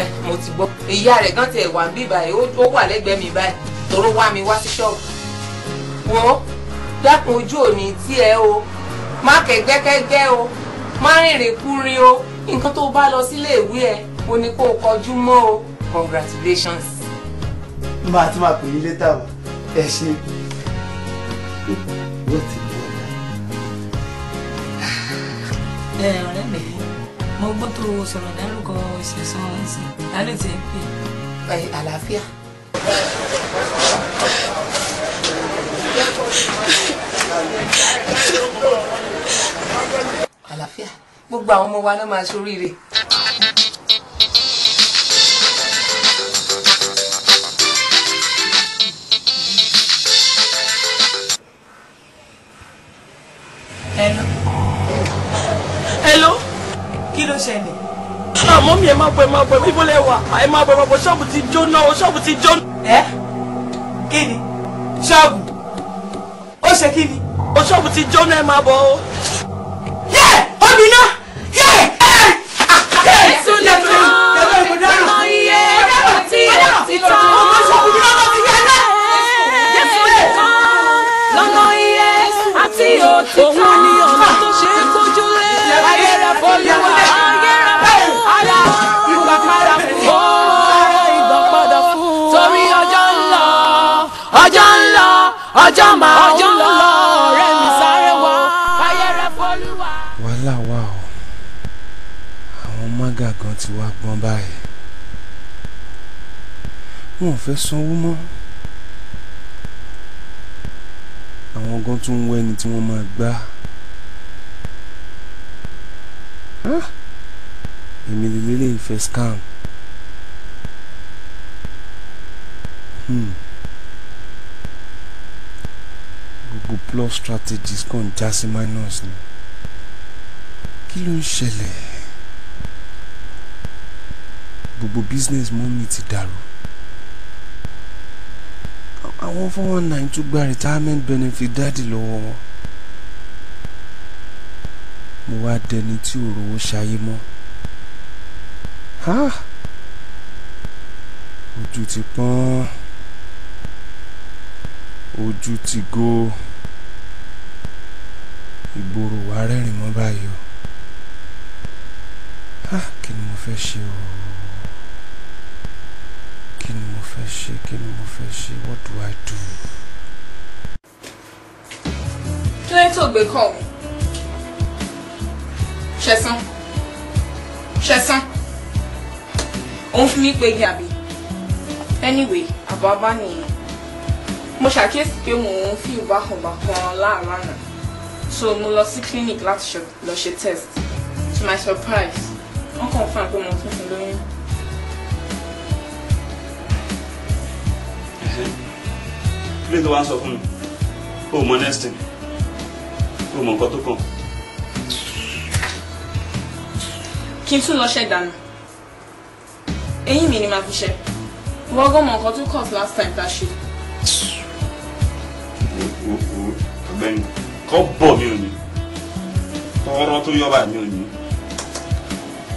ẹ mo ti gbọ́ ìyá rẹ̀ gan tiẹ̀ wà ń bí báyìí ó wà lẹ́gbẹ̀ẹ́ mi báyìí tòró wá mi wá sí ṣọ́ọ̀bù wo dákun ojú òní tí ẹ o má kẹ́gbẹ́kẹ́gbẹ́ o má rìnrìn kúrin o nǹkan tó bá lọ sílé ìwé ẹ o ní kó o kọjú mọ́ o congratulations. máa tún máa pè yín létà wá ẹ ṣe wọ́n ti bí ọ̀gá. ẹ ọ̀rẹ́ mi mo gbọ́ tó sọ̀rọ̀ dárúkọ ìṣẹ̀sán ọ̀sìn lálẹ́ tí ẹ pè. àlàáfíà. gbogbo àwọn ọmọ wa náà máa ṣoríire. hello hello kí ló ṣẹlẹ̀. àmọ́ mi ẹ máa bọ̀ ẹ máa bọ̀ ẹ bó lẹ wà ẹ máa bọ̀ ẹ máa bọ̀ ṣọ́ọ̀bù ti jóná o ṣọ́ọ̀bù ti jóná. ẹ kí ni ṣọ́ọ̀bù ó ṣe kí ni. o ṣọ́ọ̀bù ti jóná ẹ máa bọ̀ o. yẹ́ẹ̀ ó náà. ọjọ́ máa ń lọ ọ̀rẹ́ mi sáré wá káyẹ̀rẹ́ fọlúwa. wàhálà wà o àwọn mága gan ti wá gbọ́n báyìí wọn ò fẹ́ sanwó mọ́ àwọn gan tún ń wọ ẹni tí wọ́n máa gbá ah! èmi lè lélẹ́yìn fẹ́ scam. Hmm gbogbo plus strategies kàn já sí minus ni kí ló ń ṣẹlẹ̀ gbogbo business mú mi ti dàrú àwọn four one nine tún gba retirement benefit dáàdì lọ́wọ́ wọn mo wá dẹni tí òrówó ṣayé mọ́ ojú ti pọ́n ojú ti gó ìgboro wa rẹ́rìn mọ́ báyìí o ah, kí ni mo fẹ́ ṣe o kí ni mo fẹ́ ṣe kí ni mo fẹ́ ṣe what do I do. kí ló ń tó gbé kọ́ mi ṣẹ̀sán ṣẹ̀sán òun fi mí pé gàbí anyway àbá bá nìyẹn mo ṣàkíyèsí pé mò ń fi ìwà hàn bàkan láàárọ̀ àná so mo lọ sí clinic láti lọ ṣe test to my surprise wọ́n kàn fún àpé mo tún fi lóyún. kí ló tó wá sọ fún mi o mọ next thing o mọ nǹkan tó kàn. kí n tún lọ ṣe dànù eyín mi ni màá fi ṣe wọ́n gán mọ nǹkan tó kọ̀ last time tá a ṣe. ọ̀gbẹ́ni kọ́ bọ̀ mi ò ní tọrọ tó yọ bá mi ò ní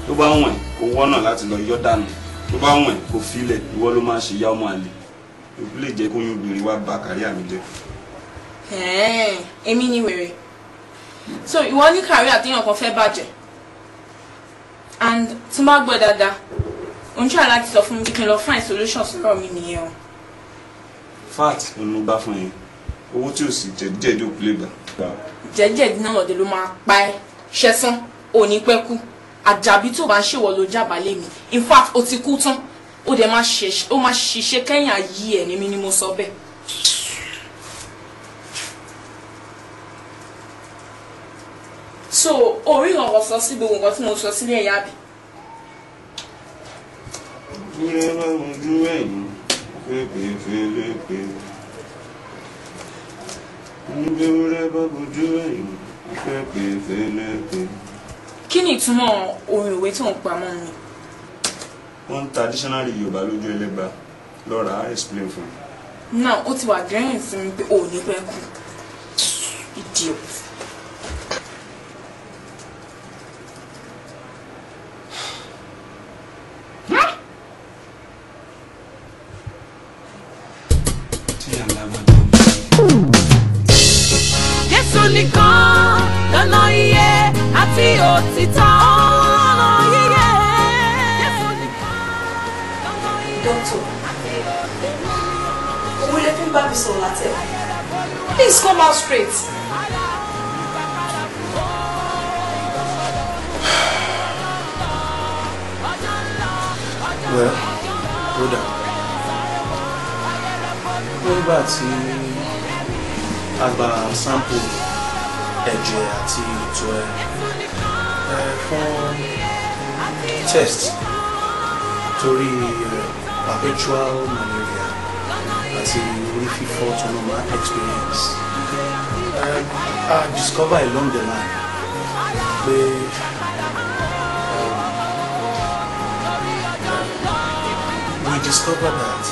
tó bá wọ̀n ẹ̀ wọ́nà láti lọ yọ dànù tó bá wọ̀n ẹ̀ filẹ̀ ìwọ ló máa ṣe yá ọmọ àlè òkú lè jẹ́ kóyún obìnrin wá ba kárí àmì jẹ́. èmi ni wèrè so ìwọ ní kárí àtẹ̀yàn kan fẹ́ bàjẹ́ and tí n bá gbọ́ dáadáa òun ṣáà láti sọ fún mi kí n lọ find solution sọ̀rọ̀ mi nìyẹn o. fat ló ń bá fún yín owó tí ò sì jẹ̀díjẹ̀dí òkú lè gbà. jẹ̀díjẹ̀dí náà ọ̀dẹ̀ ló máa pa ẹ́ ṣẹ́sán òní pẹ́ kú àjàbí tó bá ń ṣèwọ ló jábàá lémi in fact ó ti kú tán ó dẹ̀ máa ṣiṣẹ́ kẹ́yìn ayé ẹ̀ ní mi ni mo sọ bẹ́ẹ̀. so orí ọ̀rọ̀ sọ sí gbogbo nǹkan tí mo sọ sílé ẹ̀yà bì. Fúrẹ́ bá mojú ẹ̀yìn, fèpè fèlè pèlè ńbẹ́wúrẹ́ bá bojú ẹ̀yìn fẹ́ pè fẹ́lẹ́ pé. kí ni ìtumọ̀ orin ìwé tó ń pa mọ́ mi. wọ́n ń ta dictionary yorùbá lójú ẹlẹ́gba lọ́ra explain fún mi. náà ó ti wà gẹ́rìn sí mi pé òun pẹ́ kú idiot. òtítọ́ please come out straight. well broda nígbà tí a gba sample ẹ̀jẹ̀ àti ìtọ̀ fún uh, to torí perpetual uh, malaria àti orí fífọ́ tó ló máa experience I discover along the line pé um, we discover that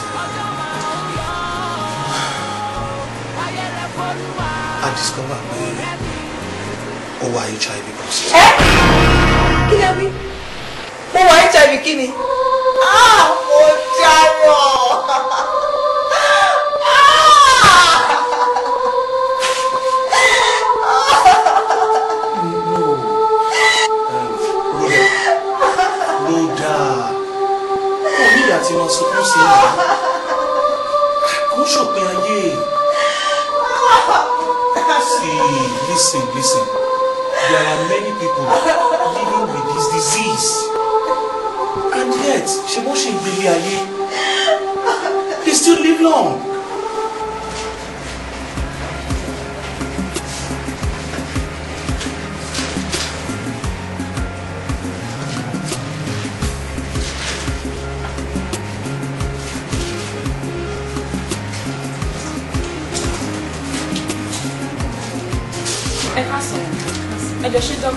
I discover pé ó wà HIV positive. ẹ kí lẹ wí mo wà HIV kí ni ah! Ah! mo jayọ. àti wọn sunkún sí i kò ṣòpin ayé sí ah! listen listen. there are many people living with this disease. And yet, Shemoshe Biliaye, they still live long.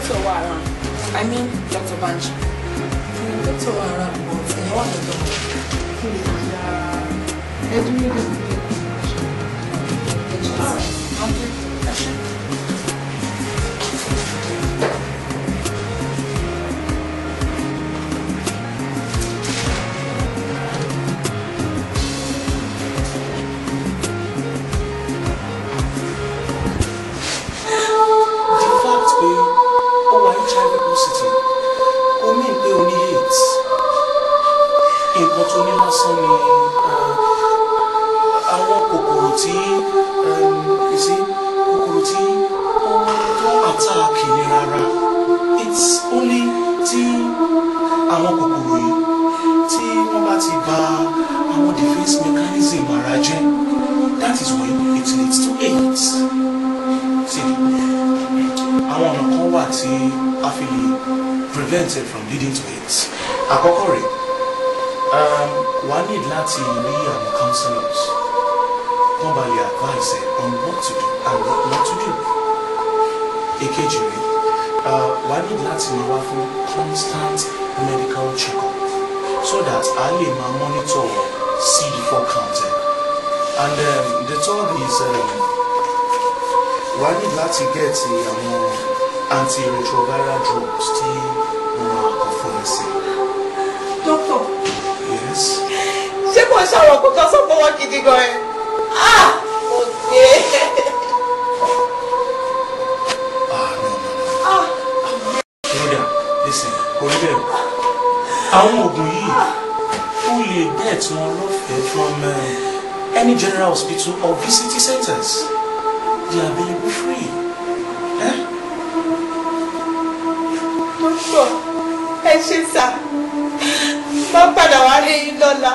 Wara. I mean, Dr. Banji. Dr. Wara, but I want to Edwin ni wá constant medical checkup so that a lè máa monitor CD4 count and um, the third is um, wà á ní láti get àwọn antiretroviral drugs tí wọ́n máa doctor. yes. ṣé kò ṣàròkùn kan sọ fún wọn gidi gan-an. general hospital or VCT centers. They are being free. Eh? Doctor, ẹ ṣe sá, má padà wá lé yín lọ́la.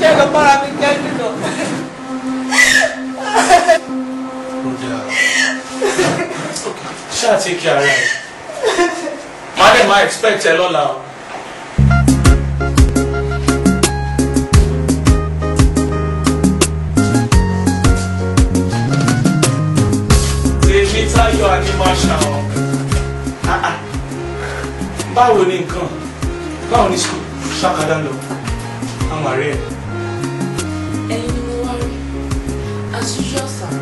Jẹ́ lọ expect a lọ́la o. àṣà ọ ah, ah. báwo ni nǹkan báwo ni sùkúl ṣàkàdá lọ àwọn àárẹ̀ ẹ̀. ẹ̀yin ni mo wá rí as usual sir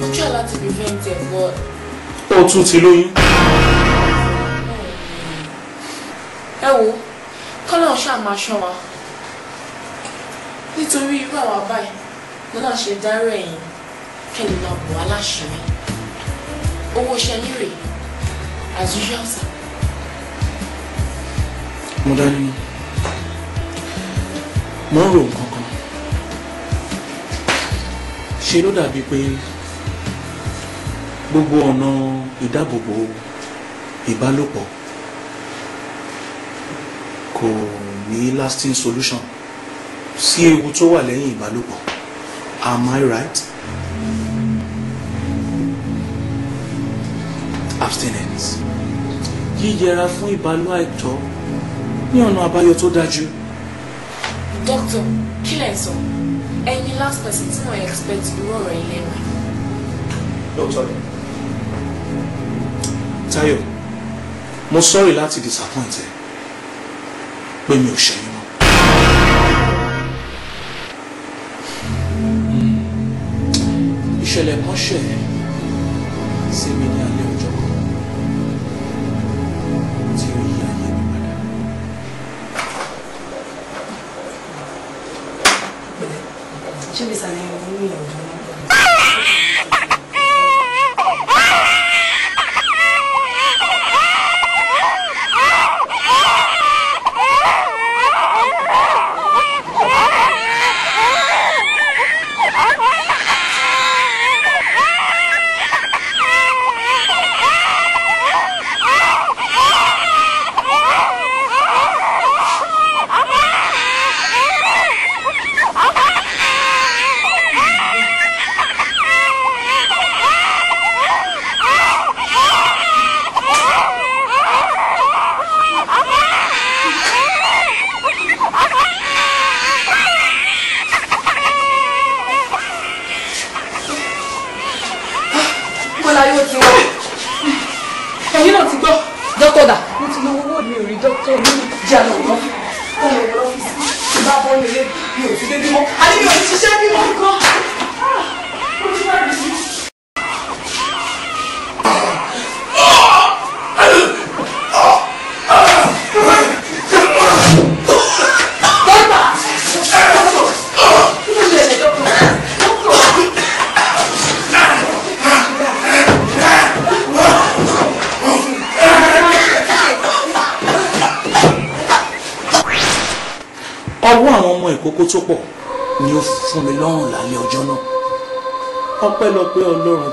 mo try láti prevent ẹ̀ but. ó tún ti lóyún. ẹ wo kọ́lá ọ̀ṣà máa ṣọ́ wa nítorí irú àwa báyìí mo náà ṣe dárò ẹ̀yìn kí ni máa bọ̀ wá láṣìírí owó iṣẹ́ yín as usual sir. mo dání mo ń rò nǹkan kan ṣe ló dàbí pé gbogbo ọ̀nà ìdáàbòbò ìbálòpọ̀ kò ní lasting solution sí ewu tó wà lẹ́yìn ìbálòpọ̀ am I right? abstinence yíyẹra fún ìbálò àìtọ́ ní ọ̀nà àbáyọ tó dájú. dókítà kí lẹ sọ ẹ̀yin last person tí mo expect irú ọ̀rọ̀ yìí lẹ́nu. dókítà Táyọ̀ mo sorry láti disappoint ẹ pé mi ò ṣẹyìn mọ́. Hmm. ìṣẹ̀lẹ̀ kan ṣẹlẹ̀ sí mi ní àná.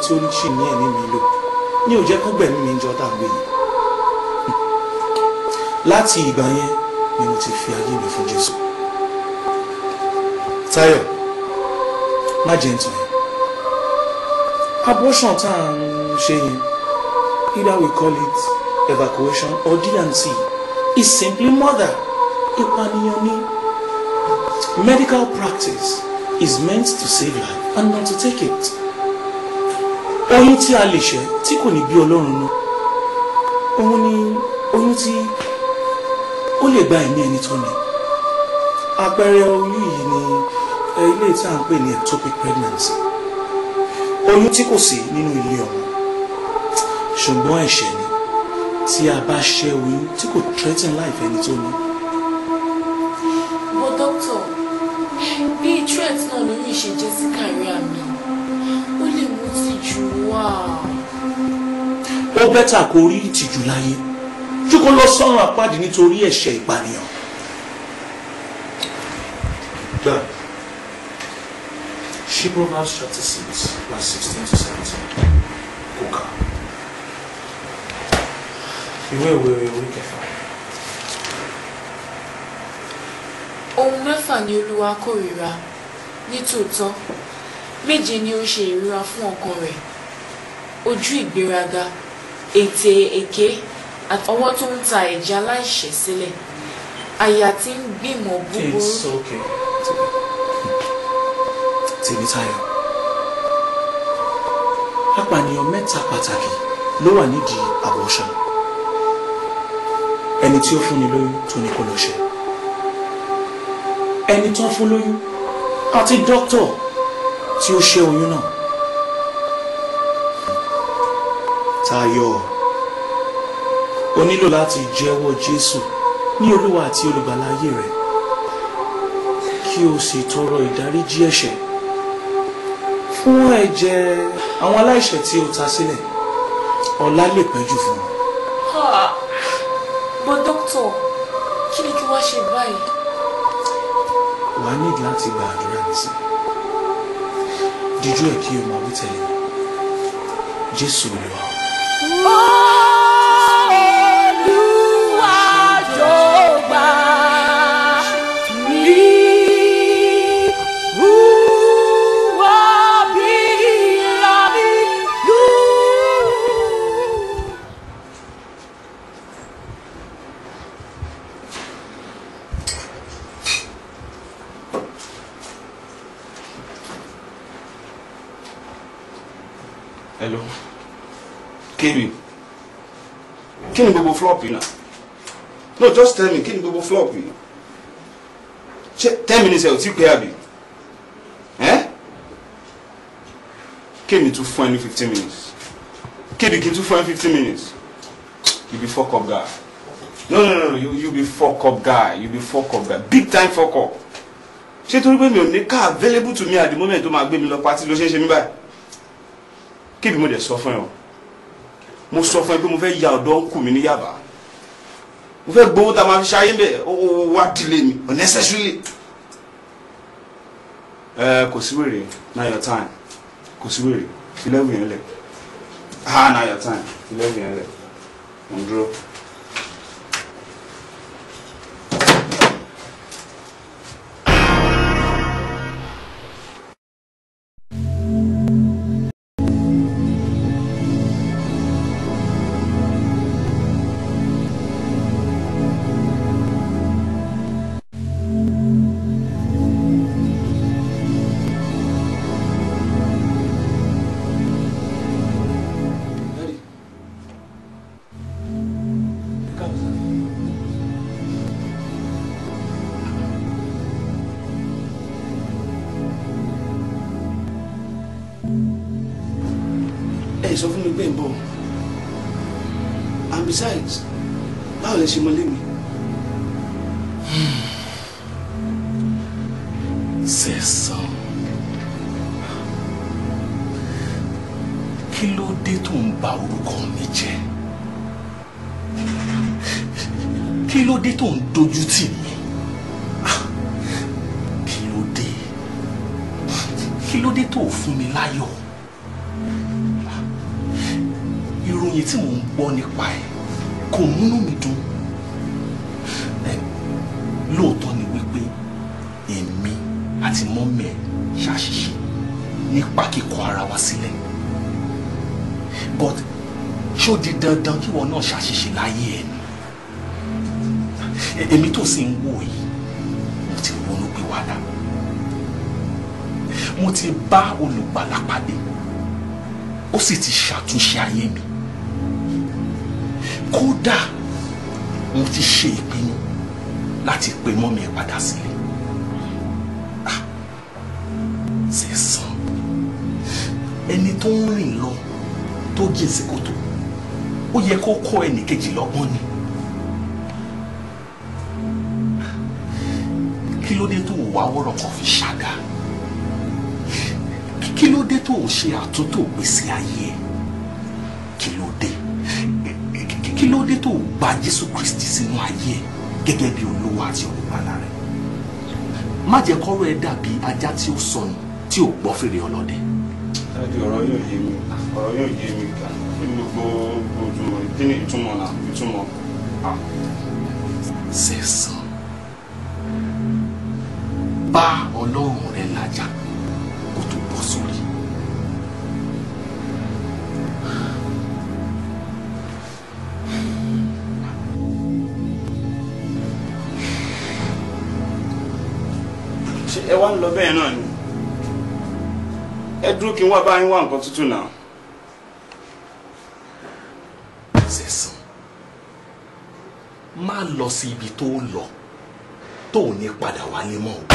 tí ó ń ṣì ní ẹ̀mí mi lò ní ò kó gbẹ̀mí mi jọ dàgbé yìí láti ìgbà yẹn ni mo ti fi ayé mi fún Jésù Táyọ̀ má jẹ́ ntọ́ yẹn abortion tá à ń ṣe yẹn either we call it evacuation or DNC, is simply murder ìpànìyàn ni medical practice is meant to save life and not to take it oyún tí a lè ṣẹ́ tí kò ní bí ọlọ́run nú òun ni oyún tí ó lè gba ẹ̀mí ẹni tó ní oyún yìí ni eh, ilé tí a ń pè ní ectopic pregnancy oyún tí kò sí nínú ilé ọmọ ṣùgbọ́n ẹ̀ṣẹ̀ ni tí a bá ṣẹ́ oyún tí kò threaten life ẹni tó ó bẹ́tà kó rí ìtìjú láyé tí kò lọ sọ́run àpáàdì nítorí ẹ̀ṣẹ̀ ìpànìyàn. gbà ṣí Proverbs chapter six verse sixteen to seventeen kò kà ìwé ìwé orí kẹfà. ohun mẹ́fà ni olúwa kórìíra nítòótọ́ méje ni ó ṣe ìrora fún ọkàn rẹ̀ ojú ìgbéraga ètè èké ọwọ́ tó ń ta ẹ̀jẹ̀ aláìṣẹ̀ sílẹ̀ àyà tí ń gbìmọ̀ búburú. tèmítáyọ̀ apànìyàn mẹ́ta pàtàkì ló wà nídìí abortion ẹni tí ó fúnni lóyún tó ní kó lọ ṣe ẹni tó ń fún lóyún àti dókítà tí ó ṣe oyún náà. Táyọ̀ o nílò láti jẹ́wọ́ Jésù ní Olúwa àti Olùgbàlà ayé rẹ kí o sì tọrọ ìdáríjì ẹ̀ṣẹ̀ fún ẹ̀jẹ̀ àwọn aláìṣẹ̀ tí o ta sílẹ̀ ọlá lè pẹ́jù fún wọn. bọ́ dókítọ̀ kí ni kí wá ṣe báyìí. wà á nídìí láti gba àdúrà nísìn díjú ẹ̀ kí o máa wí tẹ̀lé Jésù Olúwa o. Oh! flop yìí náà no just tell me kí ni gbogbo flop yìí ṣe ten minutes ẹ ò tí pé àbí kémi tún fún ẹ ní fifteen minutes kéde kí n tún fún ẹ fifteen minutes you be fok up guy no no no you, you be fok up guy you be fok up guy big time fok up ṣé torí pé mi ò ní car available to me at the moment tó máa gbé mi lọ party ló ṣe ń ṣe mí báyìí kébì mo dẹ̀ sọ fún ẹ o mo sọ fún ẹ pé mo fẹ́ ya ọ̀dọ́ ń kù mí ní yàbá mo fẹ́ gbowó tá a máa fi ṣayé bẹ́ẹ̀ ó wá dìlé mi unnecessarily. ẹ kò sí wèrè na your time kò sí wèrè ilé ìwé lẹ ah na your time ilé ìwé yẹn lẹ mo dúró. láì sọ fún mi pé ń bọ̀ and besides báwo lẹ ṣe mọ lé mi. sẹ́sàn kí ló dé tó ń ba orúkọ mi jẹ́ kí ló dé tó ń dojú tì mí kí ló dé kí ló dé tó fún mi láyọ̀. ìròyìn tí mò ń gbọ́ nípa ẹ̀ kò múnú mi dùn lóòótọ́ ni wípé èmi àti mọ́mí ẹ̀ ṣàṣìṣe nípa kíkọ ara wa sílẹ̀ but ṣó di dandan kíwọ náà ṣàṣìṣe láyé ẹ̀ ni èmi tó sì ń wò yìí mo ti ronú pé wàdà mo ti bá olùgbàlà pàdé ó sì ti ṣàtúnṣe ayé mi kódà mo ti ṣe ìpinnu láti pe mọ́mí ẹ̀ padà sílé ah, sísan ẹni tó ń rìn lọ tó jìn sí kòtò ó yẹ kó kọ́ ẹnì kejì lọ́gbọ́n ni. kí ló dé tó o wá wọ́rọ̀ kan fi ṣága kí ló dé tó o ṣe àtúntò gbèsè ayé ẹ kí ló dé tó gba Jésù Kristi sínú ayé ẹ gẹ́gẹ́ bí olówó àti olùgbàlà rẹ má jẹ́ kọ́rọ̀ ẹ dàbí ajá tí ó sọnù tí ò gbọ́ fèrè ọlọ́dẹ. dájú ọ̀rọ̀ yóò yé mi ọ̀rọ̀ yóò yé mi gan gbogbo ojúmọ́ kí ni ìtumọ̀ náà ìtumọ̀. Ah. sísan ń lọ bẹ́ẹ̀ náà ni ẹ dúró kí n wá bá yín wá nǹkan tuntun náà. sẹ̀sán má lọ sí ibi tó lọ tó ní padà wálé mọ́ o.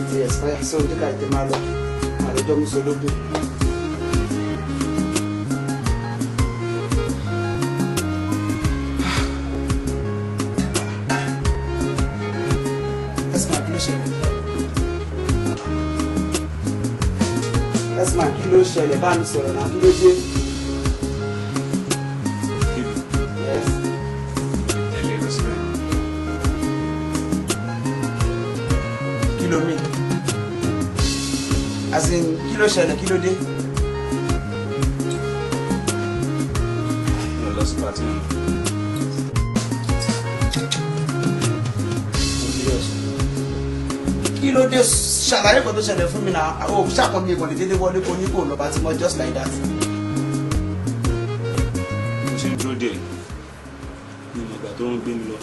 ó ti expire so nígbà tí máa lọ àlejò mi sọ lóbi. bá mi sọ̀rọ̀ náà kí ló dé. ẹlòmíì as in kilo ló ṣẹlẹ̀ kí ló dé. mo lọ sí pàtí ṣàlàyé kan tó ṣẹlẹ̀ fún mi náà àwọn òṣàkọ́ mi ìkànnì dédé wọlé kó ní kò lọ́ba tí mo just like that. mo ṣe ń dúró díẹ̀ ní ìgbà tó ń gbé mi lọ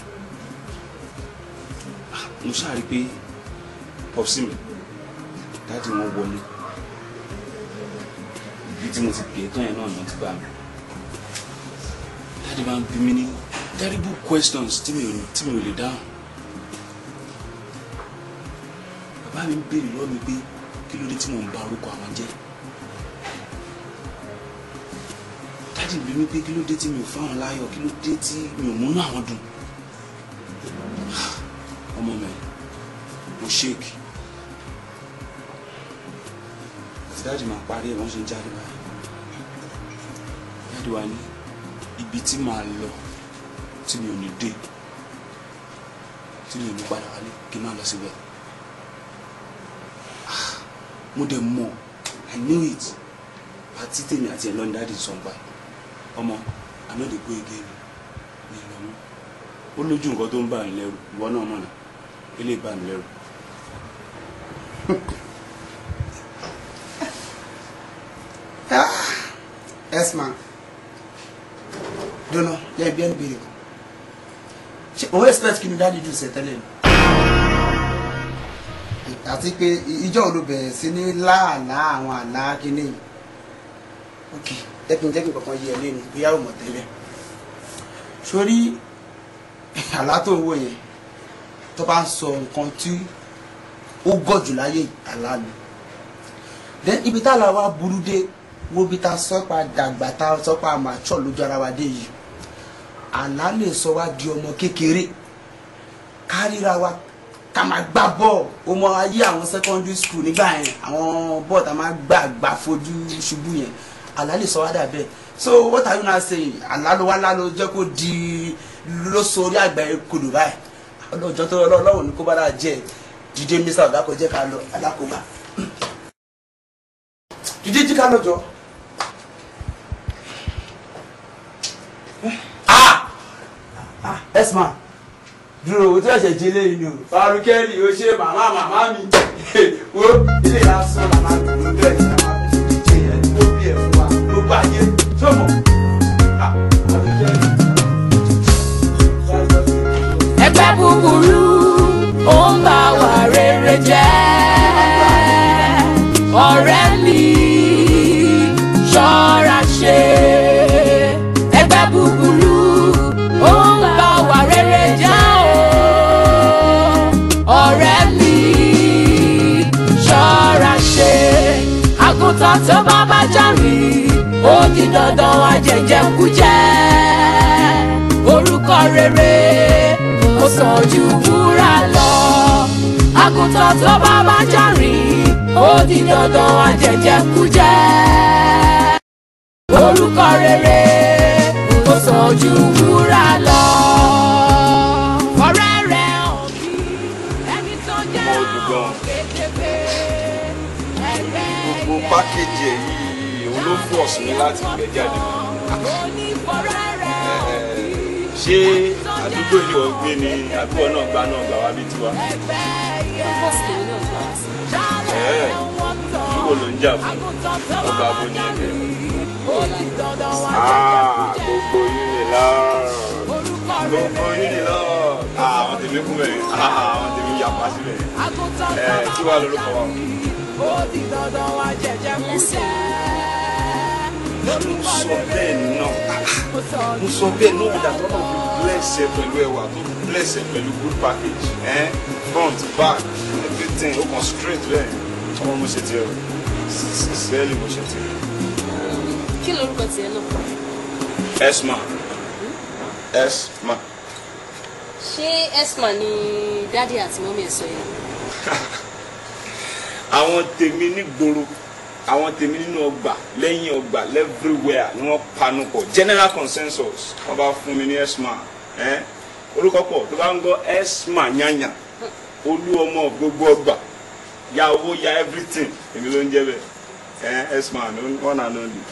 ah, mo ṣáà rí i pé pọp sí mi dáàdi wọn wọlé ibi tí mo ti pè é tán yẹn náà ló ti bá mi dáàdi máa ń bí mi ní terrible questions tí mi ò tí mi ò lè dáhùn bàbá mi ń béèrè lọ́wọ́ mi pé kí ló dé tí mo ń ba orúkọ àwọn jẹ́ dáàdi bí mi pé kí ló dé tí mi ò fáwọn láyọ̀ kí ló dé tí mi ò múnú àwọn dùn ọmọ mi mo ṣéèkì. dáàdì máa parí ẹ̀ wọ́n ṣe jáde báyìí dáàdì wa ní ibi tí màá lọ tí mi ò ní dé tí mi ò ní padà wálé kí n má lọ síbẹ̀ ah, mo dẹ̀ mọ̀ I knew it pàtí tèmi àti ẹ̀ lọ́ni dáàdì sọ̀ ń báyìí ọmọ àná lè gbé ege ni ní ìlọ́mú ó lójú nǹkan tó ń bà mí lẹ́rù ìwọ náà mọ̀nà ilé bà lẹ́rù. Esman dono yɛ bia no bere ko o expect kí ni dáàdi dùn sẹ tẹ́lẹ̀ nù àti pé ìjọ òdo bẹ̀rẹ̀ sí ní láàlá àwọn àlá kíní yìí Okay. jẹ́kìn jẹ́kìn kankan yẹ lẹ́nu bóyá ò mọ̀ tẹ́lẹ̀ sórí àlá tó ń wò yẹn tó bá ń sọ nǹkan tí ó gọ̀jù láyé àlá ni then ibi tá a la wá burú wo bí ta sọ́pa dàgbà ta sọ́pa màtsọ́ lójú ara wa dé yìí àlá lè sọ wá di ọmọ kékeré kárìíra wa ká máa gbá bọ́ọ̀ o mọ ayé àwọn secondary school nígbà yẹn àwọn bọ́ọ̀ tá máa gbà gbà fojú ṣubú yẹn àlá lè sọ wá dà bẹ́ẹ̀ so what are you now saying àlá ló wá lá ló kó di ló so orí àgbà kodò báyìí ọlọ́jọ́ tó ọlọ́wọ́ ni kó bá dáa jẹ jíde mr ọ̀dàkọ̀ jẹ́ ká lọ alákòóbá jíde jí ká lọ jọ. ẹsùn ah! ah, máa dúró o tí ọ̀sẹ̀ jí léyìn ni o. o ṣe màmá màmá mi wo ilé lásán màmá mi ló bẹ̀rẹ̀ sí àwọn àbẹ̀jẹ̀ yẹn ló bí ẹ̀ fún wa ló gbà yé sọ́mọ̀. ẹgbẹ́ búburú ó ń bá wa rere jẹ́ ọ̀rẹ́ mi. búburú ó ń bá wa rere já o ọ̀rẹ́ mi ṣọ́ra ṣe àgùntàn tó bá bá jà rìn ó di dandan ajẹjẹkújẹ orúkọ rere ó sàn ju wúrà lọ àgùntàn tó bá bá jà rìn ó di dandan ajẹjẹkújẹ orúkọ rere sọ ju wúrà lọ. ọ̀rẹ́ rẹ̀ òbí ẹni tó jẹ́ àwọn kékeré ẹgbẹ́ ẹ̀yẹ. gbogbo pákéjì ẹ̀ yìí òun ló fún ọ̀sùn mi láti gbẹ̀ jáde. ṣé àdúgbò yìí wọ́n gbé ni àbúrò náà gba náà gbà wá bí tiwa. ẹ̀ẹ́ ìwọ ló ń jà fún ọba gbogbo yín ni lọ́rùn gbogbo yín ni lọ́rùn àwọn tèmi kú bẹ́ẹ̀ àwọn tèmi yàpá síbẹ̀ ẹ kí wàá lórúkọ wa. mo sọ bẹ́ẹ̀ náà mo sọ bẹ́ẹ̀ náà bí dàtọ́ náà fi blẹ̀ṣẹ̀ pẹ̀lú ẹwà tó blẹ̀ṣẹ̀ pẹ̀lú good package eh? front back everything ó kàn straight bẹ́ẹ̀ ọmọ mo ṣe tiẹ̀ sẹ́ẹ̀lì mo ṣe tiẹ̀ kí lorúkọ tiẹ̀ lọ. esma hmm? esma. ṣé esma ni dádì àti mọ́mí ẹ̀ sọ yẹn. àwọn tèmi nígboro àwọn tèmi nínú ọgbà lẹ́yìn ọgbà everywhere ni wọ́n panu pọ̀ general consensus wọ́n bá fún mi ní esma orúkọ pọ̀ tó bá ń gbọ́ esma yanya hmm. olú ọmọ gbogbo ọgbà ya owó ya everything èmi ló ń jẹ́ bẹ́ẹ̀ esma one and only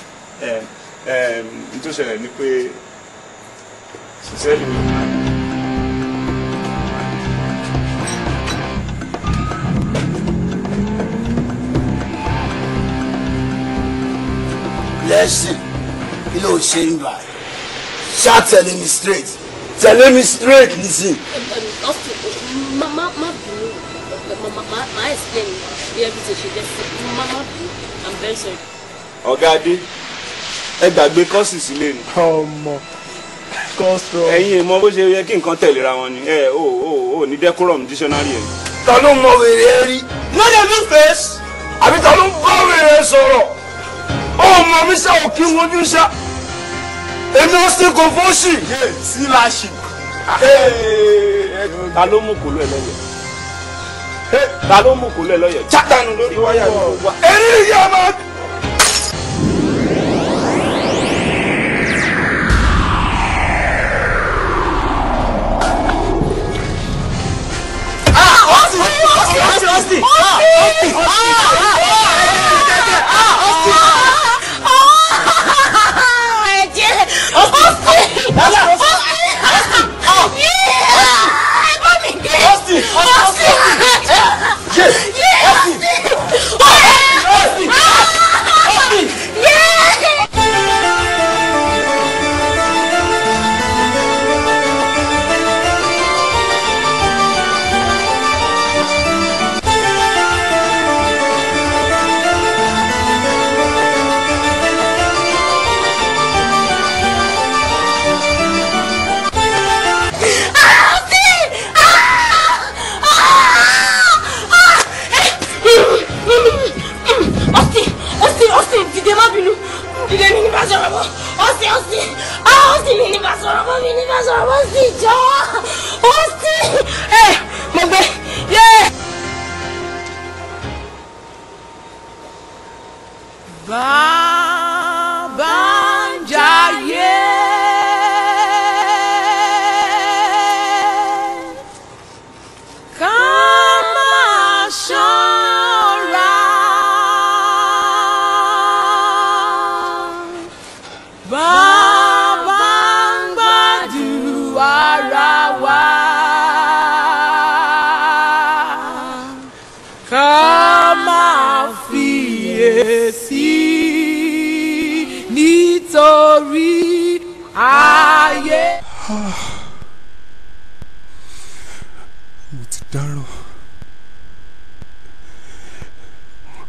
n tó ṣẹlẹ̀ ni pé ṣiṣẹ́ ló ń bá mi. blessing kí ló ṣe ń bá ṣá tẹ̀lé mi straight tẹ̀lé mi straight nísìn. mama ma bínú mama ma explain bí everything ṣe jẹ́ fún mama bínú i'm very sorry. ọ̀gá adé. Okay, ẹ gbàgbé kọ́ọ̀sì sílé ni. ọmọ kọ́ọ̀sì. ẹ̀yin ìmọ̀ bó ṣe yẹ kí nǹkan tẹ̀léra wọn ni ẹ ò ò ò ní decorum dictionary ẹ̀. ta ló mọ wèrè ẹ rí lọ́dọ̀ ní fèsì àbí ta ló ń bá wèrè ẹ sọ̀rọ̀ ó mọ mi sá òkè wojú sá èmi ó sì kò fọ́ọ̀ṣì. sí láṣì. ta ló mú kòló ẹ lọ́yẹ̀ ta ló mú kòló ẹ lọ́yẹ̀. chátànù lórí wáyà yìí. eré ìyá máa. 아스틴 어스틴! 어스틴! 어스틴! 어스틴! 어스틴! ọsì mini, ní bàṣọrọ mọ mini, ní bàṣọrọ mọ sí ìjọ ọsì ẹ mo gbé yé. báà.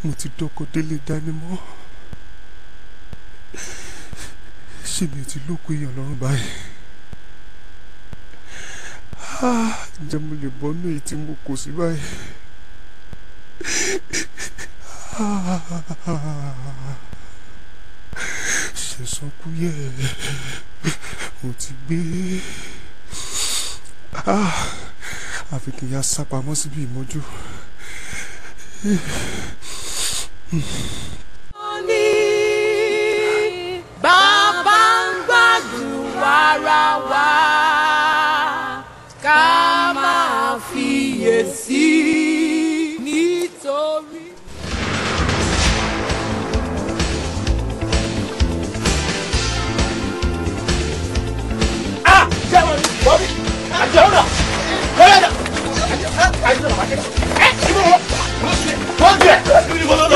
mo ti dọ́kọ délé dání mọ́ mi ti lóko èèyàn lọ́rùn báyìí ah, ǹjẹ́ mo lè bọ́ èyí tí mo kò sí báyìí. ṣẹ̀sán kú yẹ mo ti gbé ah, àfi sápamọ́ síbi ìmọ́jú ní bàbá ń gbàdùn ara wa ká máa fiyèsí nítorí. Ẹ ìbọn wọn, wọ́n ti ẹ̀, wọ́n ti ẹ̀.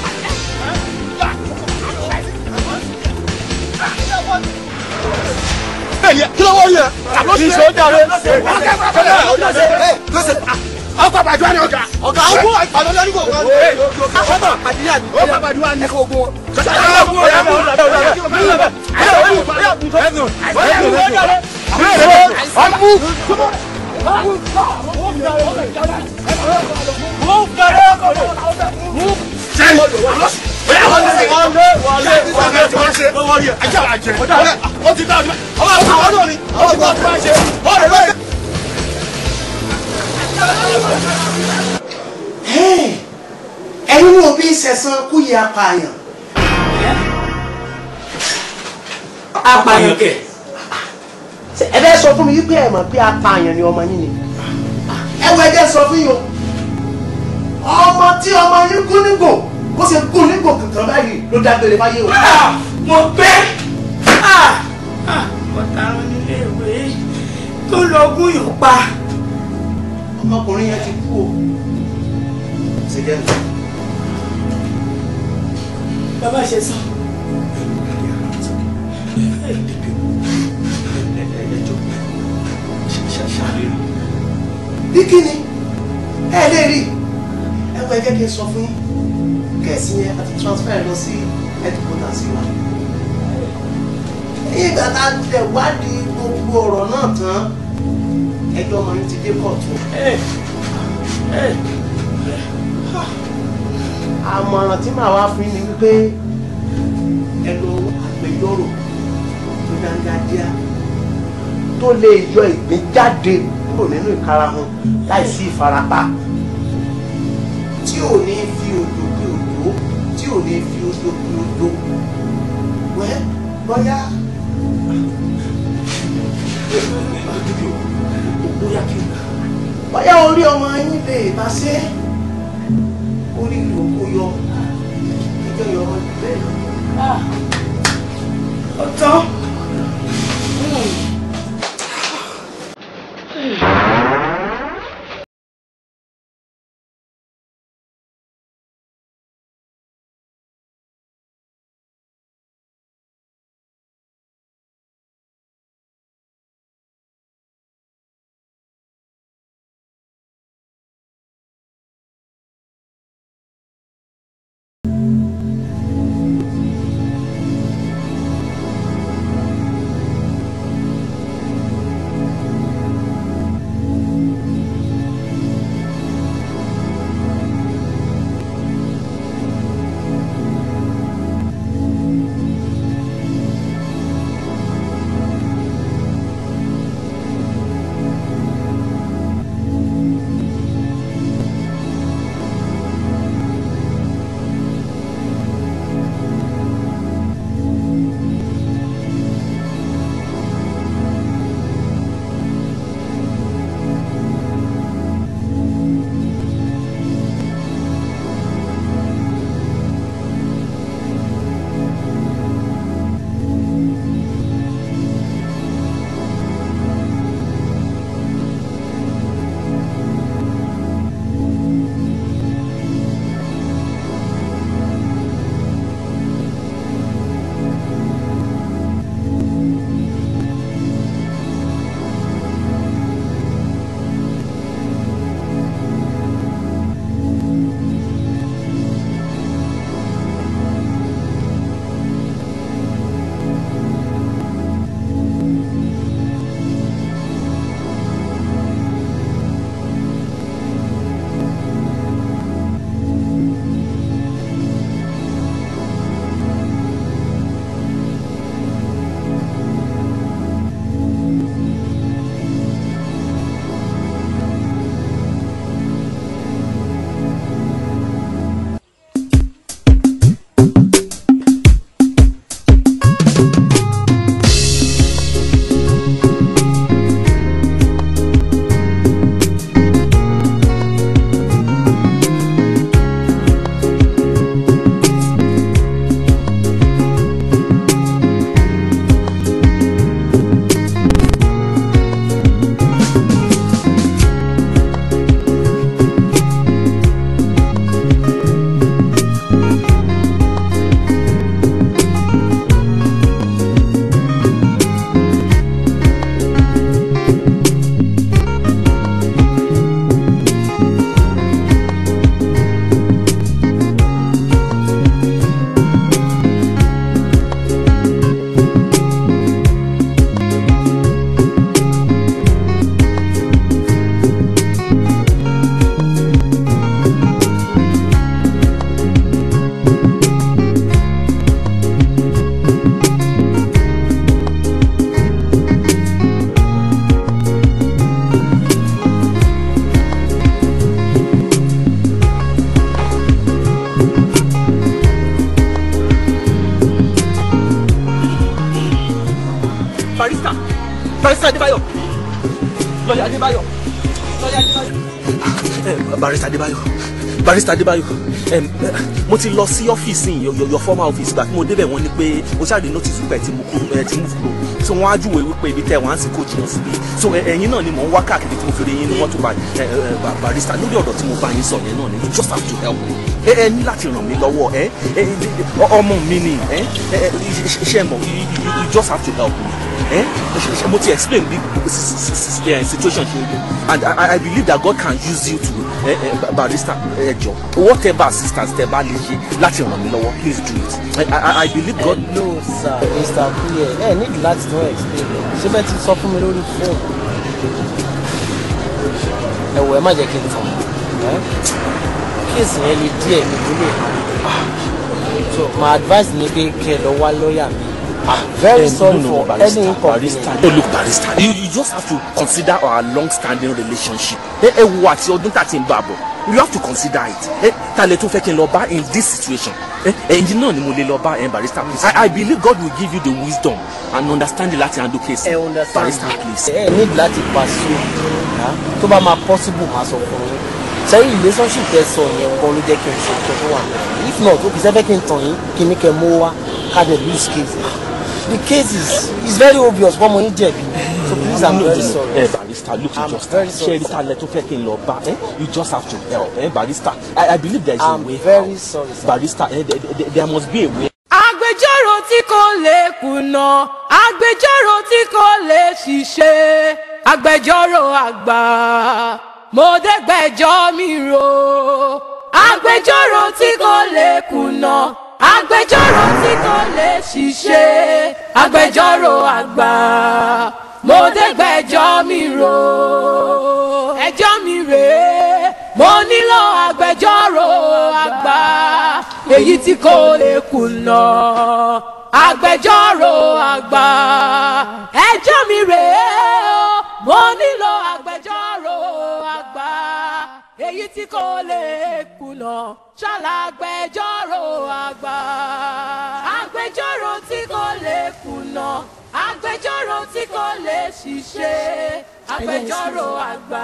bẹ́ẹ̀ kí ló wọ́ yẹ. ìṣó dàrẹ́. ọkọ̀ àbàdúrà ni ọ̀gá. ọ̀gá ọ̀gbọ́n àbàdúrà ni ọ̀gá. ọ̀gbọ́n àdìyà ni ọ̀gbọ́n àbàdúrà ni ẹ̀kọ́ ogun. Move, move, move ẹ̀yin ní òbí ìṣẹ̀sán kú yẹ apààyàn. apààyàn kẹ̀. ẹ bẹ́ẹ̀ sọ fún mi wípé ẹ mọ̀ pé apààyàn ni ọmọ yín ni. ẹ wọ ẹ jẹ́ sọ fún yín o ọmọ tí ọmọ yín kú nígò bó ṣe gún nígbò kankan báyìí ló dágbére fáyé o. Ah, mo bẹ́ ah, ah, ọ̀daràn nílé ìwé tó lọ gún yàn pa. ọmọkùnrin yẹn ti kú o. bàbá ṣe sọ. bí kí ni ẹ lè rí ẹ wọ ẹ jẹ́ kí n sọ fún yín ẹ̀sìn yẹn àti transfer lọ sí headquarters wa ìgbà tá a tẹ̀ wádìí gbogbo ọ̀rọ̀ náà tán ẹjọ́ ọmọ yìí ti dé eh, eh, a ah. àmọ̀ràn tí màá wá fún yín ni wípé ẹ lọ agbẹjọ́rò tó dáńgájíá tó lè yọ ìgbín jáde kúrò nínú ìkarahun láìsí ìfarapa tí ò ní lè fi odò kún Boya, wẹ́ bóyá bóyá orí ọmọ yín lè bá ṣe orí ìlòkó yọ ìjọ yọ ọmọ bẹ́ẹ̀ ah. ọ̀tọ̀. Mr. Adébáyọ̀ um, mo ti lọ sí ọ́fíìsì yìí former office gbà tí mo débẹ̀ wọ́n ní pé mo ṣáà rí notice wípé ti mú kúrò ti mú kúrò tí wọ́n á júwèé wípé ibi tẹ̀ wọ́n á sì kó jìnnà síbi so ẹ̀yin náà ni mò ń wá káàkiri tí mo fi rí yín ní mọ́tò barista lórí ọ̀dọ̀ tí mo bá yín sọ yẹn náà ni you just have to help me ẹ ẹ ní láti ràn mí lọ́wọ́ ẹ ọmọ mi ni ẹ ṣe mọ̀ you just have to help me. Eh? mo ti explain the eh, situation ṣe o and I, I believe that God can use you to eh, eh, barrister ẹ eh, jọ whatever assistance tẹ bá lè ṣe láti ràn please do it I, I, I believe God. No sir mr kuye ẹ need láti tún explain ṣé bẹ́ẹ̀ ti sọ fún mi lórí fóònù ẹ wọ ẹ má jẹ́ kí n tàn kíyèsí yẹn le díẹ̀ mi ló lè máa ah, advice ni pé kẹ́ lọ wá lọ́ọ̀yà mi. Ah, very eh, sorry no, no, for barista, any inconvenience. no eh, look barista you, you just have to consider our long-standing relationship Eh, eh wo àti ọdún tá in ti ń you have to consider it ẹ ta lè tó in this situation Eh, náà ni mo lè lọ bá ẹ barista I, I believe God will give you the wisdom and understand understanding láti handle case barista please. Eh, need Latin pass pàṣẹ tó bá máa possible máa sọ fún relationship tẹ sọ yẹn gan ló jẹ́ kí n ṣe ìtọ́jú wa if not ó fi sẹ́fẹ́ kí n tàn yín kí n ní kẹ́ wá ká dẹ̀ lose case the case is is very obvious one money jẹ̀bi so please i'm very sorry. ẹ eh, barrister look you just ṣe ẹni ta lẹ tó fẹ́ kí n lọ eh? you just have to help ẹ eh, barrister i i believe there's is a way. i'm very sorry sir. barrister eh, there, there, must be a way. Agbejoro ti kò lè kùnà agbẹjọ́rò tí kò lè ṣiṣẹ́ agbẹjọ́rò àgbà mo dé gbẹ́jọ́ mi rò agbẹjọ́rò tí kò lè kùnà agbẹjọ́rò tí kò lè ṣiṣẹ́ agbẹjọ́rò àgbà mo dé gbẹ́jọ́ mi rò ẹjọ́ mi rèé mo nílò agbẹjọ́rò àgbà èyí tí kò lè kùnà agbẹjọ́rò àgbà ẹjọ́ mi rèé mo nílò. tí kò lè kùnà ṣàlàgbẹjọ́rò àgbà. agbẹjọ́rò tí kò lè kùnà agbẹjọ́rò tí kò lè ṣiṣẹ́ agbẹjọ́rò àgbà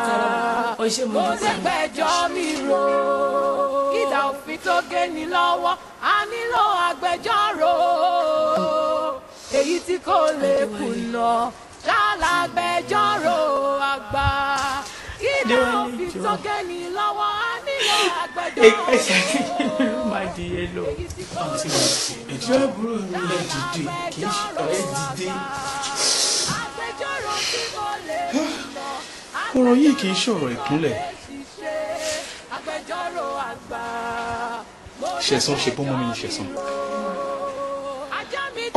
kò sẹ́gbẹ́jọ́ mi rò kídà òfin tó gé ni lọ́wọ́ a nílò agbẹjọ́rò èyí tí kò lè kùnà ṣàlàgbẹjọ́rò adéwálé jọ ẹgbẹ́ ṣàkíyèsí ló máa di yé lọ. àǹtí ìjọ àbúrò mi ẹ dìde kì í ṣe ẹ dìde. ọ̀rọ̀ yìí kì í ṣọ̀rọ̀ ìkúnlẹ̀. ṣẹ̀sán ṣe bọ́mọ́ mi ní ṣẹ̀sán.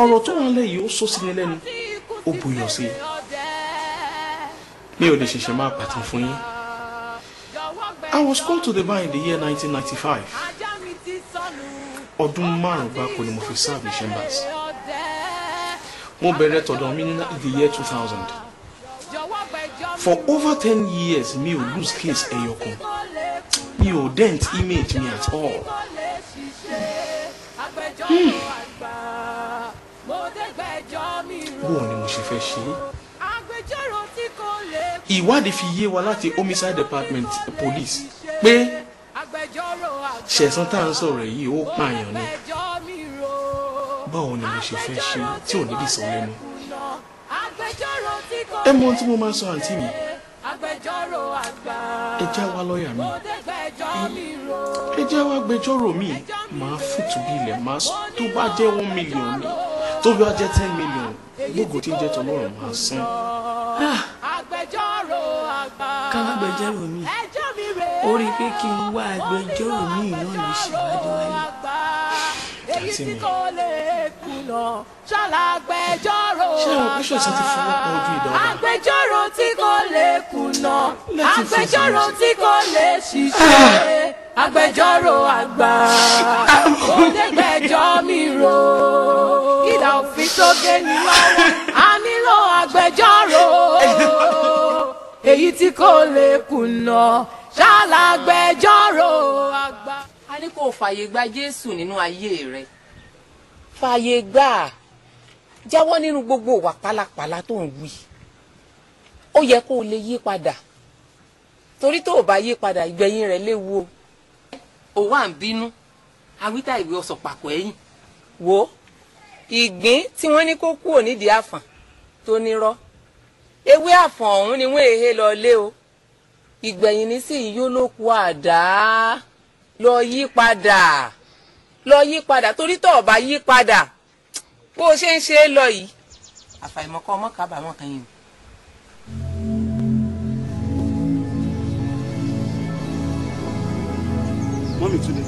ọ̀rọ̀ tó wà lẹ́yìn ó sọ sí ni lẹ́nu ó buyọ̀ sí i. mi ò lè ṣẹ̀ṣẹ̀ máa pàtàn fún yín. I was called to the bar in the year 1995. Ọdún márùn-ún gbáko ni mo fi serve ní Chambers. Mo bẹ̀rẹ̀ tọ̀dọ̀ mi ní the year 2000. For over ten years mi ò lose case ẹyọ kan. Mi ò dent image mi at all. Hmm. o ni mo ṣe fẹ́ ṣe é? ìwádìí fi yé wa láti homicide department police pé ṣẹ̀sán tá à ń sọ̀rọ̀ yìí ó pààyàn ni báwo ni mo ṣe fẹ́ ṣe tí ò ní bí sọ lẹ́nu. ẹ mọ ohun tí mo máa sọ àǹtí mi ẹ já wá lọ́ọ̀yà mi ẹ já wá gbẹjọ́rò mi máa fùtù bí ilẹ̀ máa tó bá jẹ́ one million ni tó bá jẹ́ ten million gbogbo tí ń jẹ́ tọ́lọ́run máa san. Ah! agbẹjọ́rò àgbà. ká má gbẹjọ́rò mi ó rí i pé kí n wá agbẹjọ́rò mi náà lè ṣèwádìí wáyé èyí tí kò lè kùnà ṣàlàgbẹjọ́rò àgbà agbẹjọ́rò tí kò lè kùnà agbẹjọ́rò tí kò lè ṣiṣẹ́ agbẹjọ́rò àgbà kò lè gbẹ́jọ́ mi rò kí làwọn fi tó gé ni lọ́wọ́ a nílò àgbà agbẹjọ́rò èyí tí kò lè kùnà ṣàlàgbẹjọ́rò àgbà. a ní kó o fààyè gba jésù nínú ayé rẹ. fààyè gbà á jáwọ́ nínú gbogbo ìwà pálapàla tó ń wí ó yẹ kó o lè yí padà torí tó o bá yí padà ìgbẹ̀yìn rẹ̀ léwu o. ó wá ń bínú awítá ìwé ọsọ pàkó ẹ̀yìn. wo ìgbín tí wọ́n ní kó kúrò nídìí àfàn tó nírọ́ ewé àfọ̀n ọ̀hún ni wọ́n èhe lọ lé o ìgbẹ̀yìn nísìnyí yóò ló ku àdá lọ yí padà lọ yí padà torí tó o yí padà bó o ṣe ń ṣe é lọ yìí àfàìmọ̀kọ́ ọmọ kábàámọ̀ kan yìí. mọ́mí túnde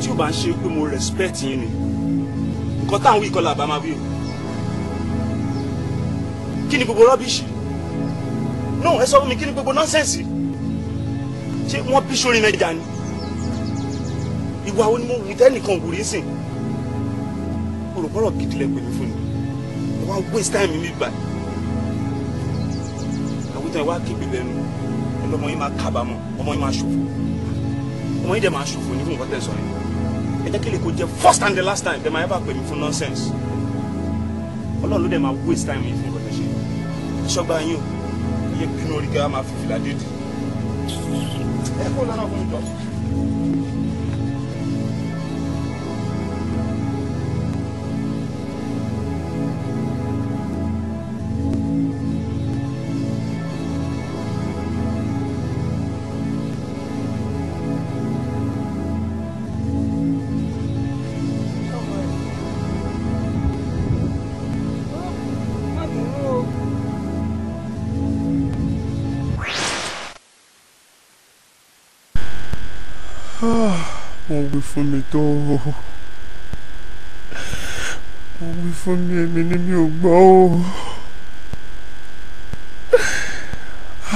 tí o bá ń ṣe pé mo respect yín ni nǹkan táwọn wí kọ́ làbá máa wí o kí ni gbogbo rọ́bìṣì no ẹ sọ fún mi kí ni gbogbo nọ́nsẹ̀nsì ṣé wọ́n bí sórí mẹ́jà ni ìwà wo ni mo wù tẹ́nìkan wù rí sìn olùkọ́rọ̀ gidi lẹ pè mí fún mi ẹ wá waste time mi bá àwùjọ ẹ wá kébi lẹ́nu ẹ lọ́mọ yín máa kábàámọ̀ ọmọ yín máa ṣòfò ọmọ yín dẹ̀ máa ṣòfò ní fún nǹkan tẹ̀ sọ yẹn ẹ jẹ́ kí lè kó jẹ́ first and the last time dem ma ever pè mí fún nonsense ọlọ́run ló dẹ̀ máa waste time mi fún nǹkan ìṣọ́gbà yín o iye pinnu orí kẹ́ máa fi fìlà dé ẹ kó lọ́nà fún mi jọ. fún mi tó o wọ́n wí fún mi èmi ni mi ò gbọ́ o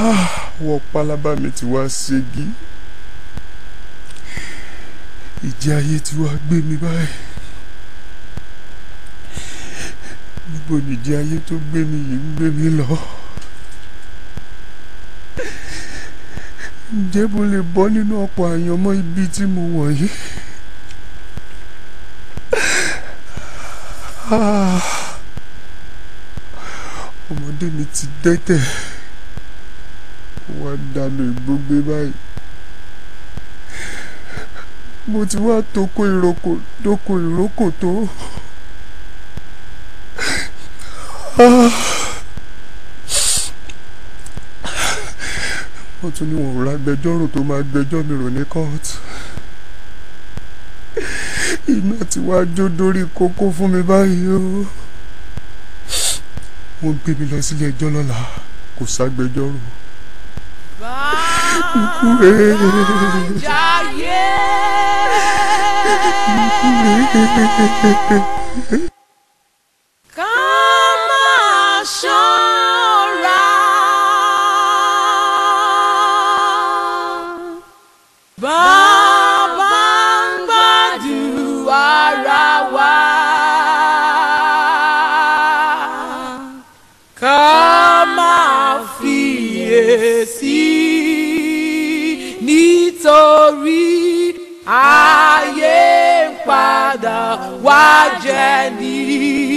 ah, wọ́n pálábá mi ti wá ségi ìjẹ́ ayé ti wá gbé mi báyìí níbo nìjẹ́ ayé tó gbé mi yìí ń gbé mi lọ. ǹjẹ́ mo lè bọ́ nínú ọ̀pọ̀ àyànmọ́ ibi tí mo wọ̀nyí. Ah. ọmọdé mi ti dẹ́tẹ̀ wọ́n dáná ìgbógbé báyìí mo ti wá toko ìrókò toko ìrókò tó ah. wọ́n tún ní wọn ò ra agbẹjọ́rò tó máa gbẹjọ́ mi rò ní kóòtù ti wá jó dórí kókó fún mi báyìí o wọ́n gbé mi lọ sílé ẹjọ́ lọ́la kò ságbẹjọ́rò. ikú rẹ̀ ikú rẹ̀. padà wá jẹ nìyí.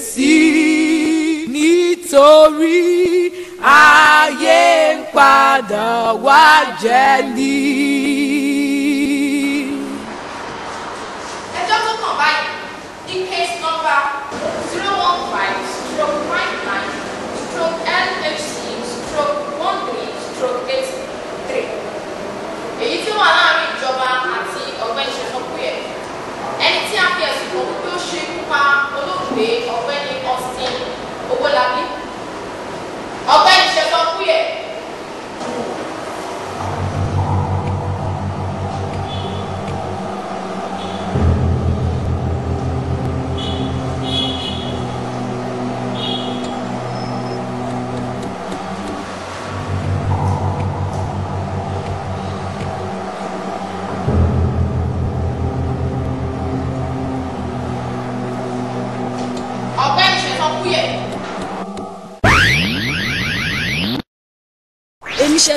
sí nítorí ayé ń padà wá jẹ́ ní.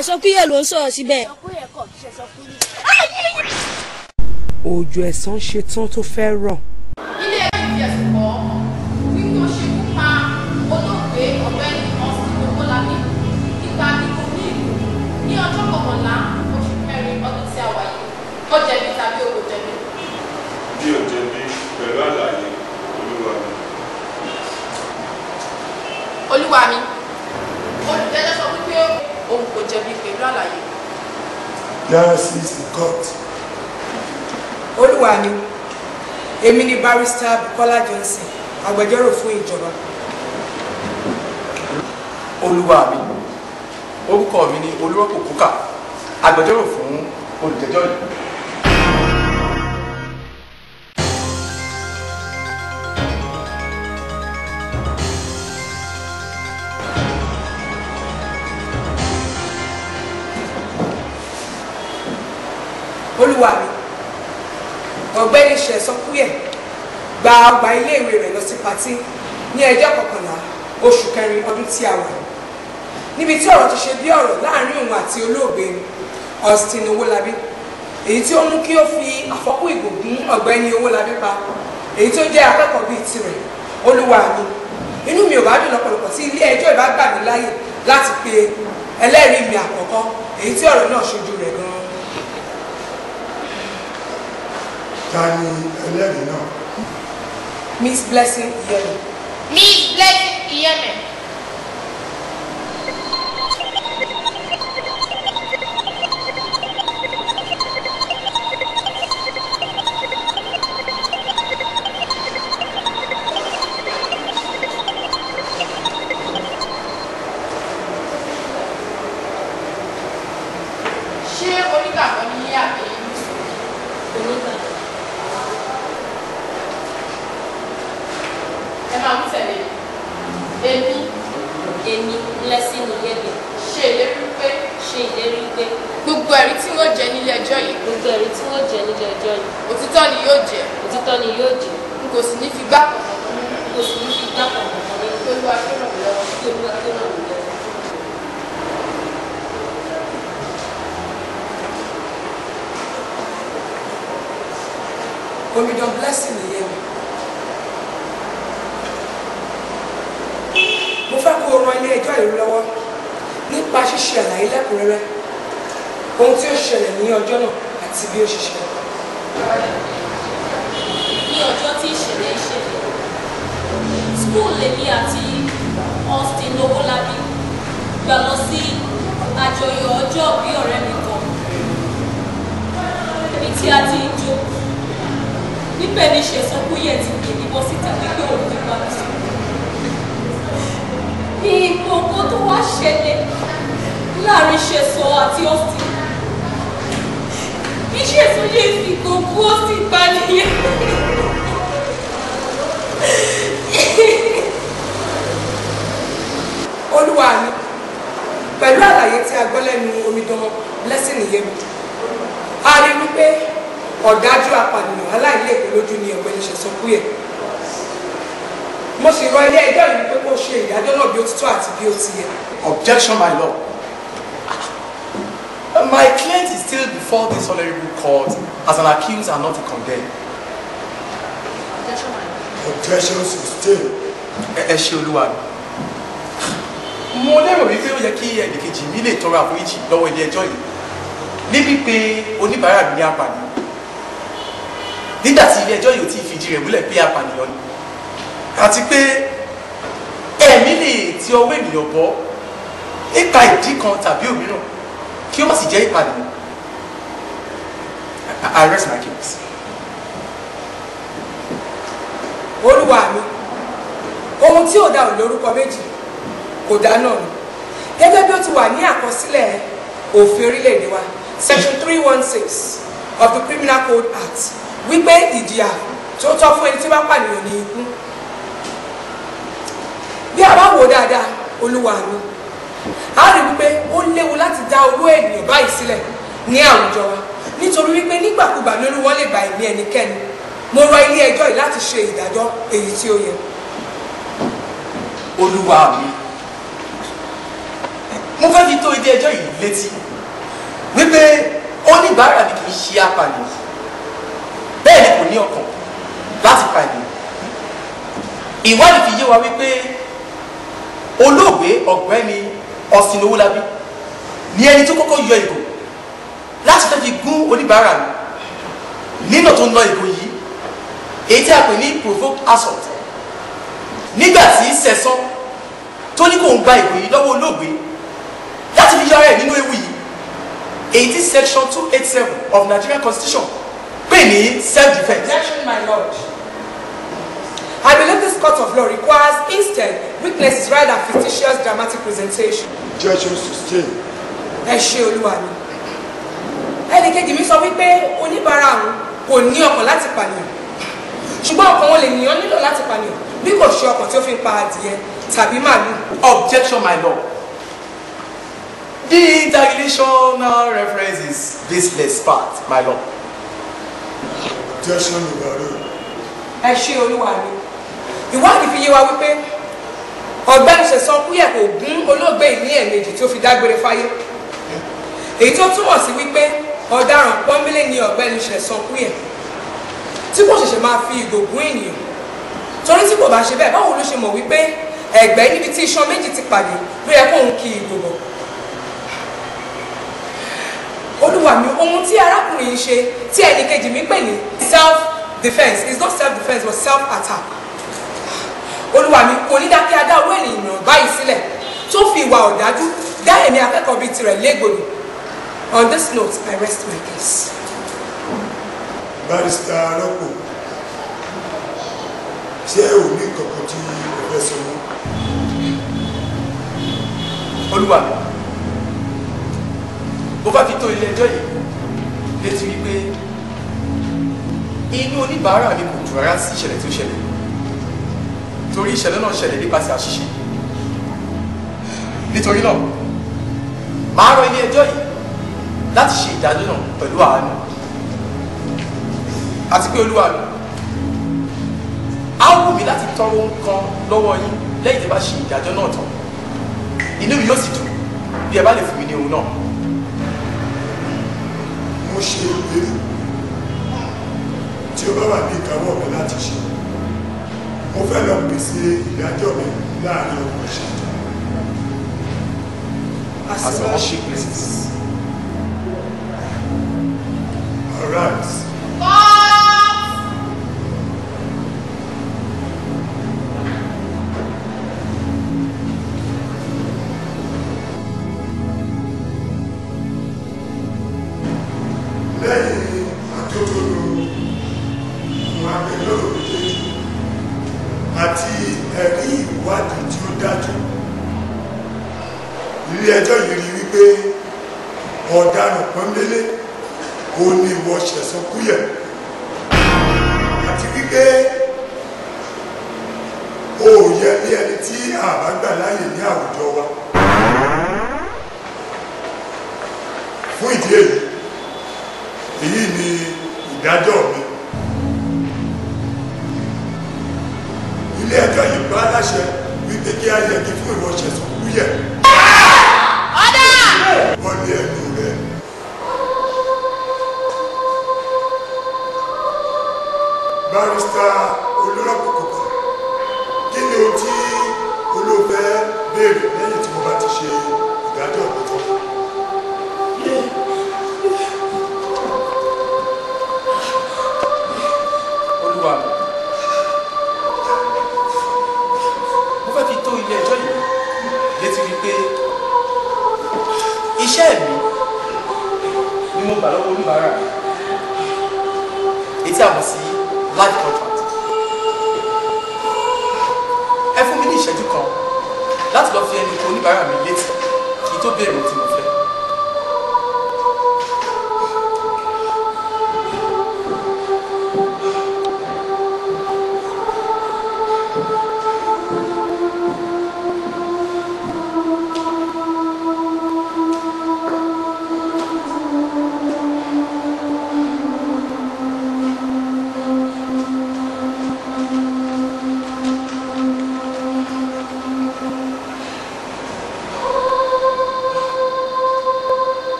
ìṣẹ̀sọ́kúyè ló ń sọ̀rọ̀ síbẹ̀. òjò ẹ̀sán ṣetán tó fẹ́ rọ̀ Bọ́lá Johnson agbẹjọ́rò fún ìjọba. olúwa mi orúkọ mi ni olúrọ́pò kúkà agbẹjọ́rò fún olùjẹ́jọ́ yìí. olúwa mi ọ̀gbẹ́ni ṣẹ̀sọ́kúyẹ̀ gba ọgbà iléèwé rẹ̀ lọ sí patí ní ẹjọ́ kọkànlá oṣù kẹrin ọdún tí a wà níbi tí ọ̀rọ̀ ti ṣe bí ọ̀rọ̀ láàrin òun àti olóògbé Austin Owólabí èyí tí ó mú kí ó fi àfọ́kù ìgbògun ọ̀gbẹ́ni Owólabí pa èyí tó jẹ́ akẹ́kọ̀ọ́ bíi tirẹ̀ olúwa mi inú mi ò bá dùn lọ́pọ̀lọpọ̀ tí ilé ẹjọ́ ìbá gbà mí láyè láti pe ẹlẹ́rìí mi àkọ́kọ́ èyí tí ọ̀rọ̀ náà ṣojú rẹ̀ gan-an. ta ni ẹlẹ́rìí náà. Miss Blessing Yemen. Miss Blessing Yemen. school lèmi àti Austin Owólabí gbà lọ sí àjọyọ̀ ọjọ́ bí ọ̀rẹ́ mi kan níbi tí a ti ń jó níbẹ̀ ni ṣe ti gbè níbọ̀ síta wípé òun ti bá mi sọ bí gbogbo tó wá ṣẹlẹ̀ láàrin ṣẹ̀sọ̀ àti Austin kí ṣètò lè fi gbogbo Austin balẹ̀ yẹn. olúwa mi pẹ̀lú àlàyé tí a gbọ́ lẹ́nu omidan blessing yẹmu a rí wípé ọ̀dájú apànìyàn aláìlẹ́kùn lójú ni ọ̀gbẹ́ni Ṣẹ̀san-Kúyẹ̀ mo sì rọ ilé ẹjọ́ yìí pé kó ṣe ìdájọ́ náà bí ó ti tọ́ àti bí ó ti yẹ. objection my lord my client is still before this honourable court as an accused and not a condemned. objection my lord. objection sustained. ẹ ṣe olúwa mi mo lérò wípé ó yẹ kí ẹnìkejì mi lè tọrọ àforíjì lọ́wọ́ ilé ẹjọ́ yìí níbi pé oníbàárà mi ní apànìyàn nígbà tí ilé ẹjọ́ yìí ò tí ì fìdí rẹ̀ múlẹ̀ pé apànìyàn ni àti pé ẹ̀mí lè ti ọwọ́ ènìyàn bọ́ nípa ìdí kan tàbí òmíràn kí ó má sì jẹ́ ìpànìyàn I rest my case. olúwa mi ohun tí ò dá ò lórúkọ méjì kò dá náà ni gẹ́gẹ́ bí ó ti wà ní àkọsílẹ̀ òfin orílẹ̀-èdè wa section three one six of the criminal code act wípé ìjìyà tó tọ́ fún ẹni tí bá pànìyàn ní ikú bí a bá wò dáadáa olúwa mi a rí wípé ó léwu láti dá owó ènìyàn báyìí sílẹ̀ ní àwùjọ wa nítorí wípé nígbàkúgbà lórí wọn lè gba ẹ̀mí ẹnikẹ́ni mo rọ ilé ẹjọ́ yìí láti ṣe ìdájọ́ èyí tí ó yẹ. olúwa mi mo fẹ́ fi tó ilé ẹjọ́ yìí létí wípé oníbàárà ni kì í ṣe apànìyàn bẹ́ẹ̀ ni kò ní ọkàn láti pàdé ìwádìí fi yé wa wípé olóògbé ọ̀gbẹ́ni ọ̀sìn owólabí ni ẹni tó kọ́kọ́ yọ ìgò láti fẹ́ fi gún oníbàárà mi nínà tó ń lọ ìgò yìí èyí tí a pè ní provoked assault nígbà tí sẹ̀sán tó ní kò ń gba ìgò yìí lọ́wọ́ olóògbé láti fi yára ẹ̀ nínú ewu yìí eighteen section two eight seven of Nigerian constitution pè ní self defence. Objection, my lord. I believe this court of law requires instead witnesses rather than fictitious dramatic presentation. Objection sustain. Ẹ ṣe olúwa mi. Ẹnì kejì mi sọ wípé oníbàárà àwọn kò ní ọkàn láti pànìyàn. Ṣùgbọ́n ọkàn wọn lè nìyàn nílò láti pànìyàn bí kò ṣe ọkàn tí ó fi ń pa adìyẹ tàbí màálù. Objection, my lord. The International reference is this place, part, my lord. Jẹ́sán ìwárí. Ẹ ṣe olúwa mi. Ìwádìí fi yé wa wípé ọ̀gbẹ́ni Ṣẹ̀san Kúyẹ̀ kò gún olóògbé yìí ní ẹ̀ẹ̀mejì tí ó fi dágbére fáyé. Èyí tó túmọ̀ sí wípé ọ̀daràn pọ́nbélé ni ọ̀gbẹ́ni Ṣẹ̀san Kúyẹ̀ tí kò ṣẹ̀ṣẹ̀ máa fi ìgò gún ènìyàn. Torí tí kò bá ṣe bẹ́ẹ̀ báwo ló ṣe mọ̀ wípé ẹ̀gbẹ́ níbi tí iṣan méjì ti pàdé ló yẹ kóun kí ìgò hùwà mi ohun tí arákùnrin yìí ṣe tí ẹnìkejì mi pè ní self defence is not self defence but self attack olúwa mi kò ní dákẹ́ adá owó ènìyàn báyìí sílẹ̀ tó fi ìwà ọ̀dájú dá èmi akẹ́kọ̀ọ́ bíi tirẹ̀ légbodò on this note i rest my case. barista arọ́pò ṣé ò ní kankan tí o fẹ́ sọ mọ́. olúwa bó bá fi tó ilé ẹjọ́ yìí létí wípé inú oníbàárà mi kò jù rárá sí ìṣẹ̀lẹ̀ tí ó ṣẹlẹ̀ torí ìṣẹ̀lẹ̀ náà ṣẹlẹ̀ nípasẹ̀ àṣìṣe nítorí náà màá rọ ilé ẹjọ́ yìí láti ṣe ìdájọ́ náà pẹ̀lú àánú àti pé olúwa mi á wù mí láti tọrọ ohun kan lọ́wọ́ yín lẹ́yìn tí a bá ṣe ìdájọ́ náà tán inú mi yóò sì dùn bí ẹ bá lè fún mi ní ohun náà ṣe ìbéèrè tí ó bá wà ní ìkáwọ́ mi láti ṣe mo fẹ́ lọ pèsè ìdájọ́ mi láàrin ọkọ̀ ìṣèjọba. As worship places. All right.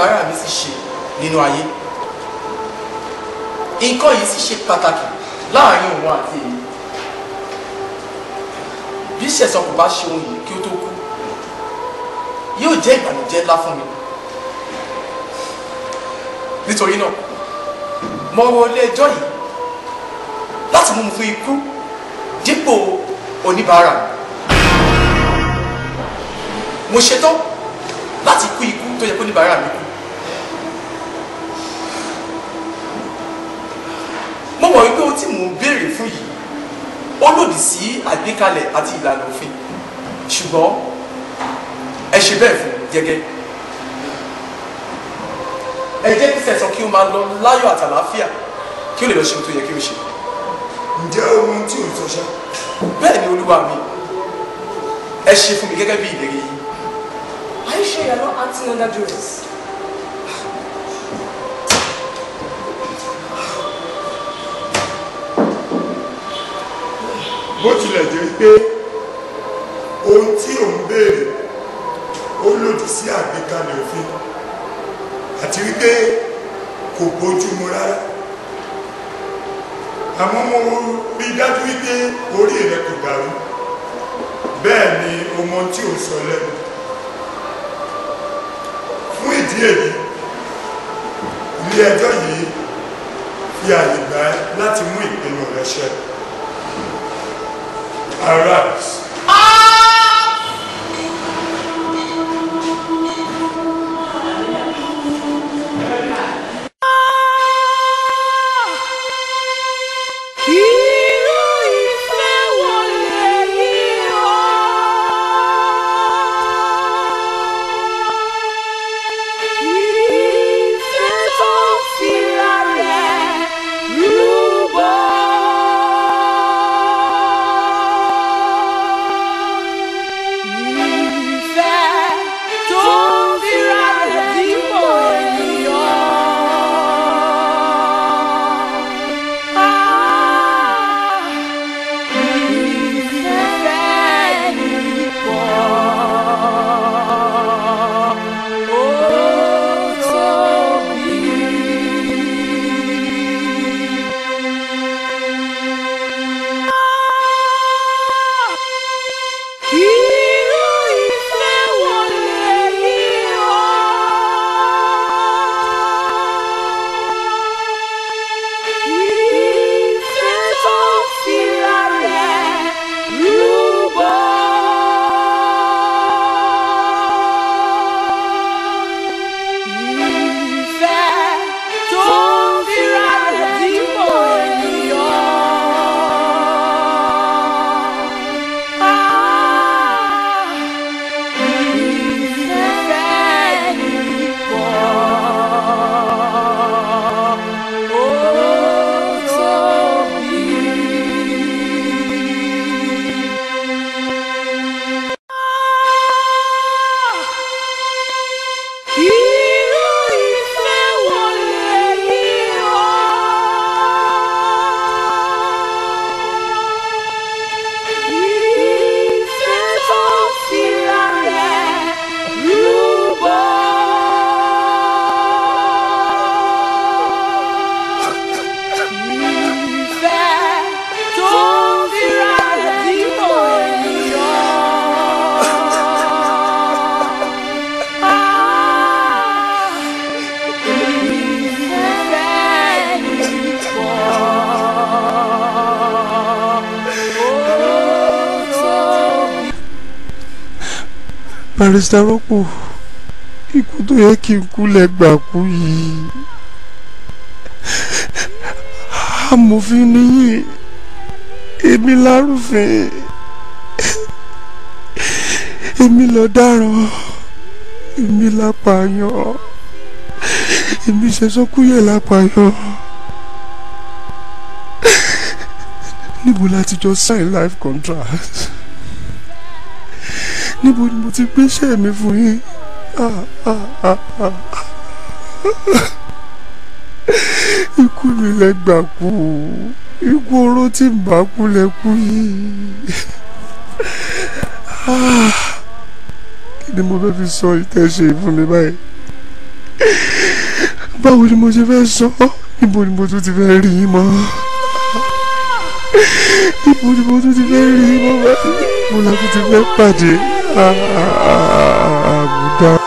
oníbàárà mi sì ṣe nínú ayé nǹkan yìí sì ṣe pàtàkì láàrin òun àti èyí bí ìṣẹ̀sán kò bá ṣe ohun yìí kí ó tó kú yóò jẹ́ ìbànújẹ́ ńlá fún mi nítorí náà mo wọ ilé ẹjọ́ yìí láti mú mi fún ikú dípò oníbàárà mo ṣetán láti kú ikú tó yẹ kó oníbàárà mi kú. mo mọ̀ wípé ohun tí mò béèrè fún yìí ó lòdì sí àgbékalẹ̀ àti ìlànà òfin ṣùgbọ́n ẹ ṣe bẹ́ẹ̀ fún jẹ́gẹ́ ẹ jẹ́ kí sẹ̀sán kí o máa lọ láyọ̀ àtàlàáfíà kí o lè lọ ṣe tó yẹ kí o ṣe. ǹjẹ́ ohun tí o sọ ṣá. bẹ́ẹ̀ ni olúwa mi ẹ ṣe fún mi gẹ́gẹ́ bí ìlérí yìí. Are you sure you are not acting under duress? bó tilẹ̀ jẹ́ pé ohun tí òun béèrè ó lòdì sí àgbékalẹ̀ òfin àti wípé kò bójú mu rárá àmọ́ mo rí dájú wípé orí rẹ kò dàrú bẹ́ẹ̀ ni ọmọ tí ò sọ lẹ́nu fún ìdí èyí ilé ẹjọ́ yìí fi àyè gbà láti mú ìpinnu rẹ ṣẹ. Arise. barista rọ́pò ikú tó yẹ kí n kú lẹ́gbà kú yìí amòfin nìyí èmi lárúfin èmi lọ̀daràn èmi lápàyàn èmi ṣẹṣọkúyẹ̀ lápàyàn níbo láti jọ sign life contract níbo ni mo ti gbéṣẹ́ mi fún yín. Ah, ah, ah, ikú mi lẹ gbà kú ikú oró tí n bá kú lẹ kú yìí. kí ni mo fẹ́ fi sọ ìtẹ̀sẹ̀ fún mi báyìí. báwo ni mo ṣe fẹ́ sọ níbo ni mo tún ti fẹ́ rí yín mọ́ níbo ni mo tún ti fẹ́ rí yín mọ́ báyìí mo làkùn ti fẹ́ pàdé. uh, uh, uh,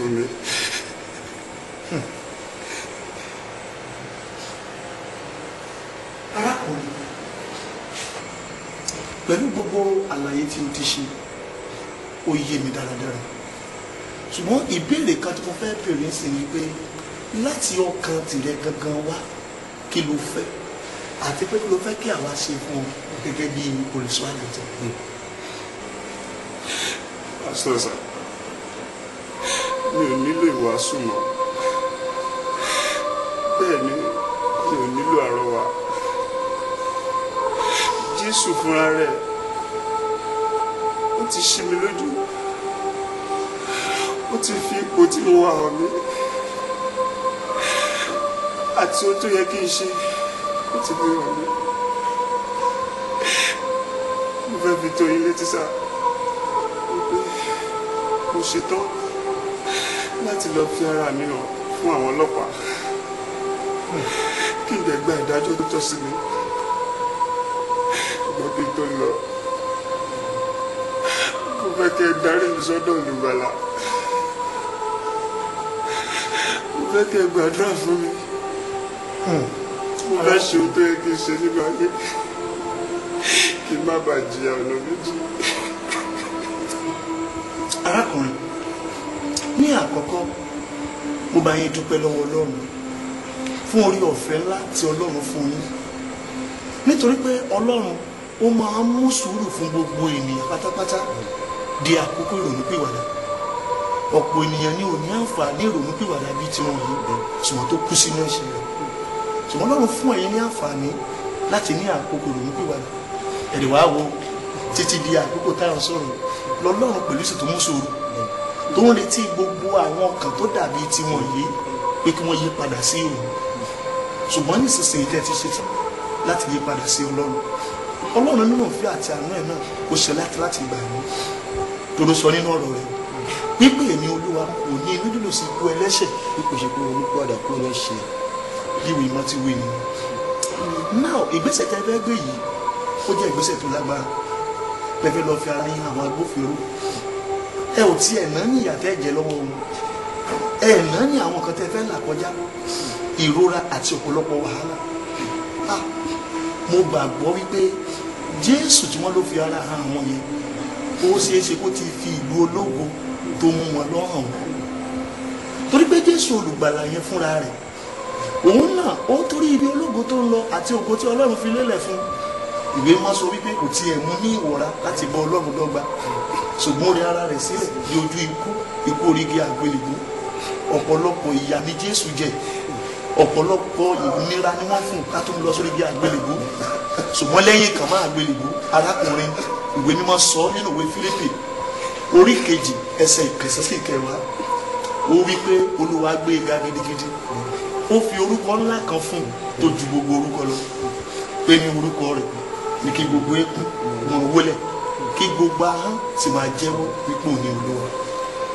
fún mi. Hmm. arákùnrin pẹ̀lú gbogbo àlàyé tí o ti ṣe ó yé mi dáradára ṣùgbọ́n ìbéèrè kan tí mo fẹ́ béèrè ń sìn ni pé láti ọkàn tìrẹ gangan wá kí ló fẹ́ àti pé kí ló fẹ́ kí àwa ṣe fún ọ gẹ́gẹ́ bí olùsọ àgùntàn. Hmm. pásítọ̀ sà mi ò nílò ìwàásù mọ́ bẹ́ẹ̀ ni mi ò nílò àrọwà Jésù fúnra rẹ̀ ó ti ṣí mi lójú ó ti fi ipò tí mo wà hàn mí àti ohun tó yẹ kí n ṣe ó ti fi hàn mí mo fẹ́ fi tó yín létí sáà mo ṣetán láti lọ fi ara mi hàn fún àwọn ọlọ́pàá kí n dẹ̀ gba ìdájọ́ tó tọ́ sí mi ṣùgbọ́n kí n tó lọ mo fẹ́ kí ẹ darí mi sọ́dọ̀ olùgbàlà mo fẹ́ kí ẹ gbàdúrà fún mi mo fẹ́ ṣe ohun tó yẹ kí n ṣe nígbà yẹn kí n má bàa jìyà ọ̀nà méjì. àkọ́kọ́ mo bá yín dúpẹ́ lọ́wọ́ ọlọ́run fún orí ọ̀fẹ́ ńlá tí ọlọ́run fún yín nítorí pé ọlọ́run ó máa ń mú sùúrù fún gbogbo ènìyàn pátápátá di àkókò ìrònúpìwàdà ọ̀pọ̀ ènìyàn ni ò ní àǹfààní ìrònúpìwàdà bíi tiwọn yìí ṣùgbọ́n tó kú sínú ẹ̀ṣẹ̀ rẹ̀ ṣùgbọ́n ọlọ́run fún ẹ̀yin ní àǹfààní láti ní àkókò ìrònúpìwàdà ẹ̀rẹ̀ wá wo títí di àkókò táwọn sọ̀rọ̀ lọ́lọ́run pẹ̀lú ìṣètò mú sùúrù tó ń retí gbogbo àwọn ọkàn tó dàbí tiwọn yìí pé kí wọ́n yí padà sí òun ṣùgbọ́n nísinsìnyí tẹ́ ti ṣètò láti yí padà sí ọlọ́run ọlọ́run nínú òfin àti àánú ẹ̀ náà kò ṣe láti láti gbà yín tòró sọ nínú ọ̀rọ̀ rẹ̀ wípé èmi olúwa kò ní inú dídùn sí ikú ẹlẹ́ṣẹ̀ bí kò ṣe pé olùkọ́dà kó lọ ṣe yíwèé mọ́ ti wí nìyẹn now ìgbésẹ̀ tẹ́ fẹ́ gbé yìí ó jẹ́ ìgbésẹ̀ tó lágbára pẹ̀fẹ́ lọ́ọ́ fi ara yín àwọn agbófinró ẹ ò tiẹ̀ náà ní ìyà tẹ́ jẹ lọ́wọ́ wọn ẹ náà ní àwọn kan tẹ́ fẹ́ là kọjá ìrora àti ọ̀pọ̀lọpọ̀ wàhálà mo gbàgbọ́ wípé Jésù tí wọ́n ló fi ara hàn wọn yẹn ó ṣeé ṣe kó ti fi ìlú ológo tó mú wọn lọ́rùn wọn torí pé Jésù olùgbàlà yẹn fúnra rẹ̀ òun náà ó torí ibi ológo tó ń lọ àti ògo tí Ọlọ́run fi lélẹ̀ fún ìwé mọ́ sọ wípé kò tiẹ̀ mú ní ìwọra láti bọ Ọlọ́run dọ́gba ṣùgbọ́n ó rẹ ara rẹ̀ sílẹ̀ ní ojú ikú ikú orígi àgbélébú ọ̀pọ̀lọpọ̀ ìyà ni Jésù jẹ ọ̀pọ̀lọpọ̀ ìnira ni wọ́n fún ká tó ń lọ sórí bí àgbélébú ṣùgbọ́n lẹ́yìn kàn máa àgbélébú arákùnrin ìwé mímọ́ sọ nínú ìwé Fílípì orí kejì ẹsẹ̀ ìkẹsẹ̀sẹ̀ ìkẹwàá ó wí pé Olúwa gbé e ga gidigidi ó fi orúkọ ńlá kan fún tó ju gbogbo orúkọ lọ pé ní orúkọ rẹ̀ ní kí gbogbo ẹkún wọn wólẹ̀ kí gbogbo ahọ́n sì máa jẹ́wọ́ wípé òní olúwa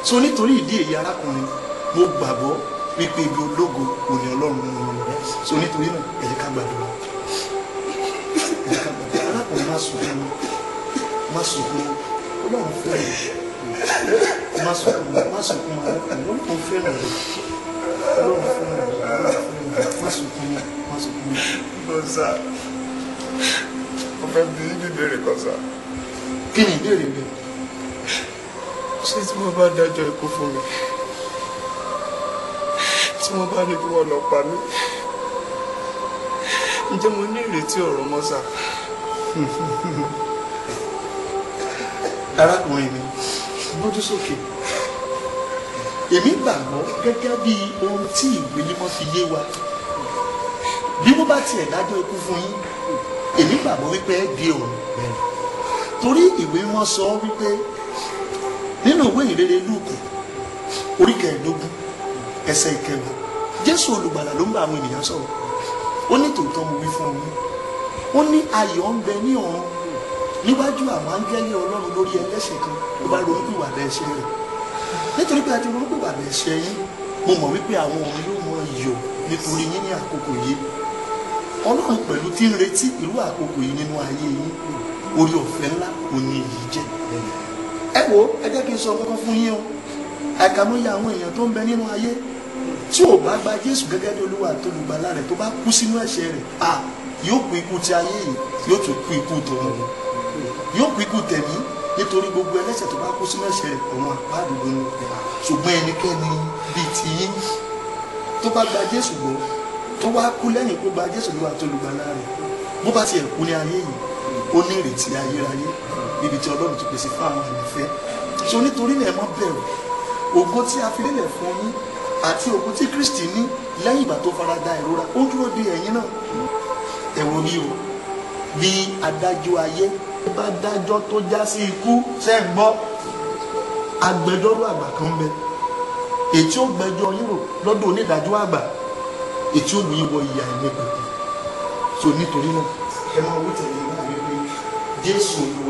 so nítorí ìdí èyí arákùnrin mo gbàgbọ́ wípé ibi ológo òní ọlọ́run ń lọ so nítorí náà ẹ jẹ́ ká gbàdúrà arákùnrin má sùn fún mi má sùn fún mi ọlọ́run fẹ́ràn rẹ má sùn fún mi má sùn fún mi arákùnrin ọlọ́run fẹ́ràn rẹ ọlọ́run fẹ́ràn má sùn fún mi má sùn fún mi. lọ́sà mo fẹ́ bí ibi kí ni ìbéèrè mi ṣé tí wọ́n bá dájọ́ ikú fún mi tí wọ́n bá ní kí wọ́n lọ pa mí ǹjẹ́ mo ní ìrètí ọ̀rọ̀ mọ́sà. arákùnrin mi bójú sókè èmi gbàgbọ́ gẹ́gẹ́ bí ohun tí ìwé mímọ́ fi yé wa bí wọ́n bá tiẹ̀ dájọ́ ikú fún yín èmi gbàgbọ́ wípé ẹ di òun bẹ́ẹ̀ torí ìwé wọn sọ wípé nínú ìwé ìrere lùkù orí kẹẹ̀ẹ́dógún ẹsẹ̀ ìkẹwàá jésù olùgbàlà ló ń bá àwọn ènìyàn sọ̀rọ̀ ó ní tòótọ́ mo wí fún un ó ní ayọ̀ ń bẹ ní ọ̀run níwájú àwọn áńgẹ́lì ọlọ́run lórí ẹlẹ́ṣẹ̀ kan ló bá ronú ìwàdà ẹ̀ṣẹ̀ rẹ̀ nítorí pé a ti ronú ìwàdà ẹ̀ṣẹ̀ yín mo mọ̀ wípé àwọn ọ̀run yóò mọ iyọ̀ nítorí yín ní àkókò yìí ọlọ́run pẹ̀lú tí ń retí irú àkókò yìí nínú ayé yín orí ọ̀fẹ́ ńlá òní èyí jẹ́ ẹ wo ẹ jẹ́ kí n sọ kọ́kọ́ fún yín o àìkàmọ́yà àwọn èèyàn tó ń bẹ nínú ayé tí ò bá gba Jésù gẹ́gẹ́ bí olúwa àtolùgbàlà rẹ̀ tó bá kú sínú ẹ̀ṣẹ̀ rẹ̀ à yóò kú ikú ti ayé yìí yóò tún kú ikú tòun yóò kú ikú tẹ̀mí nítorí gbogbo ẹlẹ́ṣẹ̀ tó bá kú sínú ẹ̀ṣẹ̀ ọ̀run àpáàdùgbò ni ṣùgbọ́n ẹnikẹ́ni bíi ti yín tó bá gba Jésù gbọ́ tó wá kú lẹ́yìn kó gba Jésù lọ́wọ́ àtolùgbàlà rẹ̀ bó bá tiẹ̀ kú ní ayé yìí ó ní ìrètí ayérayé níbi tí ọlọ́run ti pèsè fún àwọn àyànfẹ́ ṣé nítorí náà ẹ má bẹ̀rù ògo tí a fi lélẹ̀ fún yín àti ògo tí Kristi ní lẹ́yìn ìgbà tó fara da ìrora ó dúró de ẹ̀yin náà ẹ wo bí o bí adájọ́ ayé bá dájọ́ tó já sí ikú ṣe ń gbọ́ agbẹjọ́rò àgbà kan bẹ ètí ó gbẹjọ́ yín rò lọ́dọ̀ onídàájọ́ àgbà ètí ó lù yín wọ ìyà ẹ̀mí gbẹ̀gbẹ̀ so nítorí náà ẹ máa wó tẹ̀lé Deus sonhou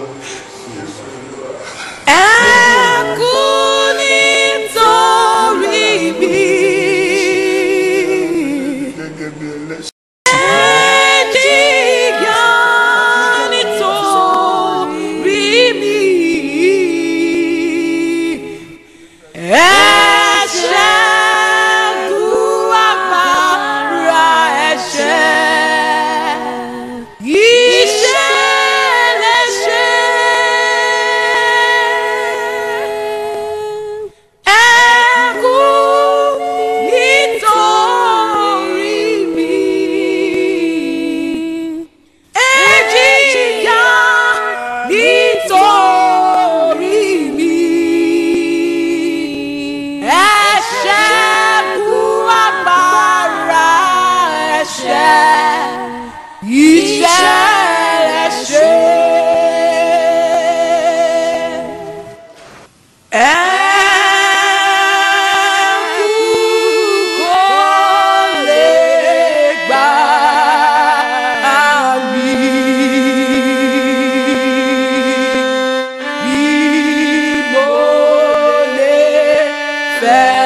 Bad.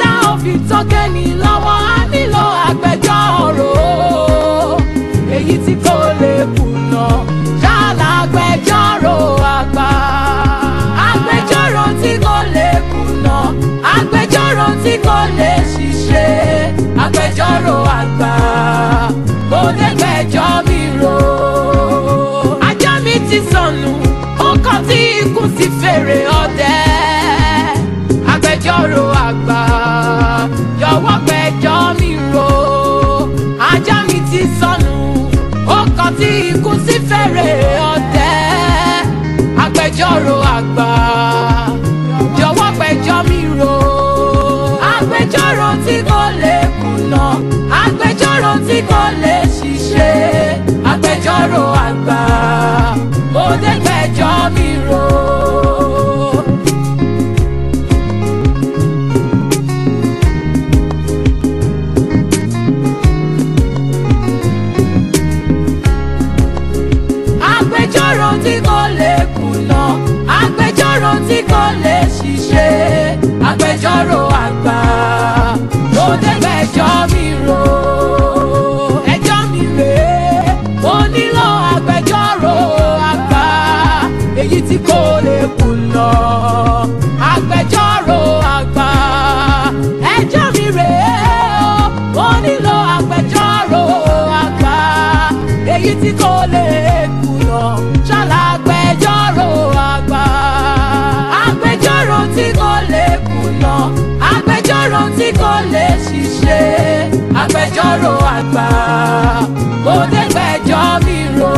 tá ò fi tọ́kẹ́ ní lọ́wọ́ á nílò agbẹjọ́rò èyí tí kò lè kùnà yálà agbẹjọ́rò àgbà agbẹjọ́rò tí kò lè kùnà agbẹjọ́rò tí kò lè ṣiṣẹ́ agbẹjọ́rò àgbà kò dé gbẹ́jọ́ mi rò ajá mi ti sọnù ó kàn tí ikú ti fèrè ọ. tí ikú sí fẹ̀rẹ̀ ọ̀tẹ̀ agbẹjọ́rò àgbà jọ̀wọ́ pẹjọ́ mi rò agbẹjọ́rò tí kò lè kùnà agbẹjọ́rò tí kò lè ṣiṣẹ́ agbẹjọ́rò àgbà. kò lè kùnà ṣàlàgbẹjọ́rò àgbà. agbẹjọ́rò tí kò lè kùnà agbẹjọ́rò tí kò lè ṣiṣẹ́ agbẹjọ́rò àgbà kò dé gbẹ́jọ́ mi rò.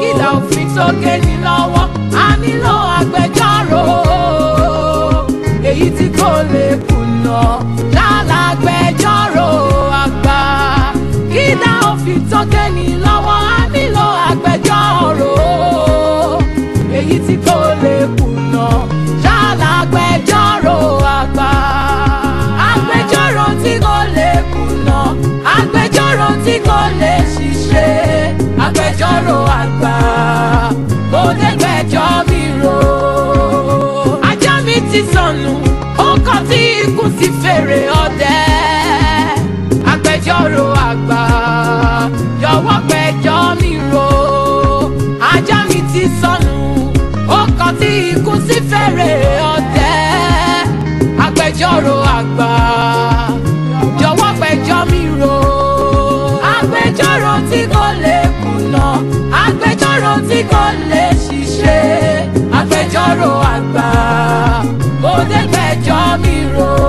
kí la òfin tó gé ni lọ́wọ́ a nílò èyí tí kò lè kùnà ṣàlàgbẹjọ́rò àgbà. agbẹjọ́rò tí kò lè kùnà agbẹjọ́rò tí kò lè ṣiṣẹ́ agbẹjọ́rò àgbà kò dẹ́gbẹ́jọ́ mi rò. ajá mi ti sọnù ó kọ́ tí ikú ti fèrè ọdẹ. ikú sí fèrè ọ̀tẹ̀ agbẹjọ́rò àgbà jọ̀wọ́ pẹjọ́ mi rò agbẹjọ́rò tí kò lè kùnà agbẹjọ́rò tí kò lè ṣiṣẹ́ agbẹjọ́rò àgbà ó dé pẹjọ́ mi rò.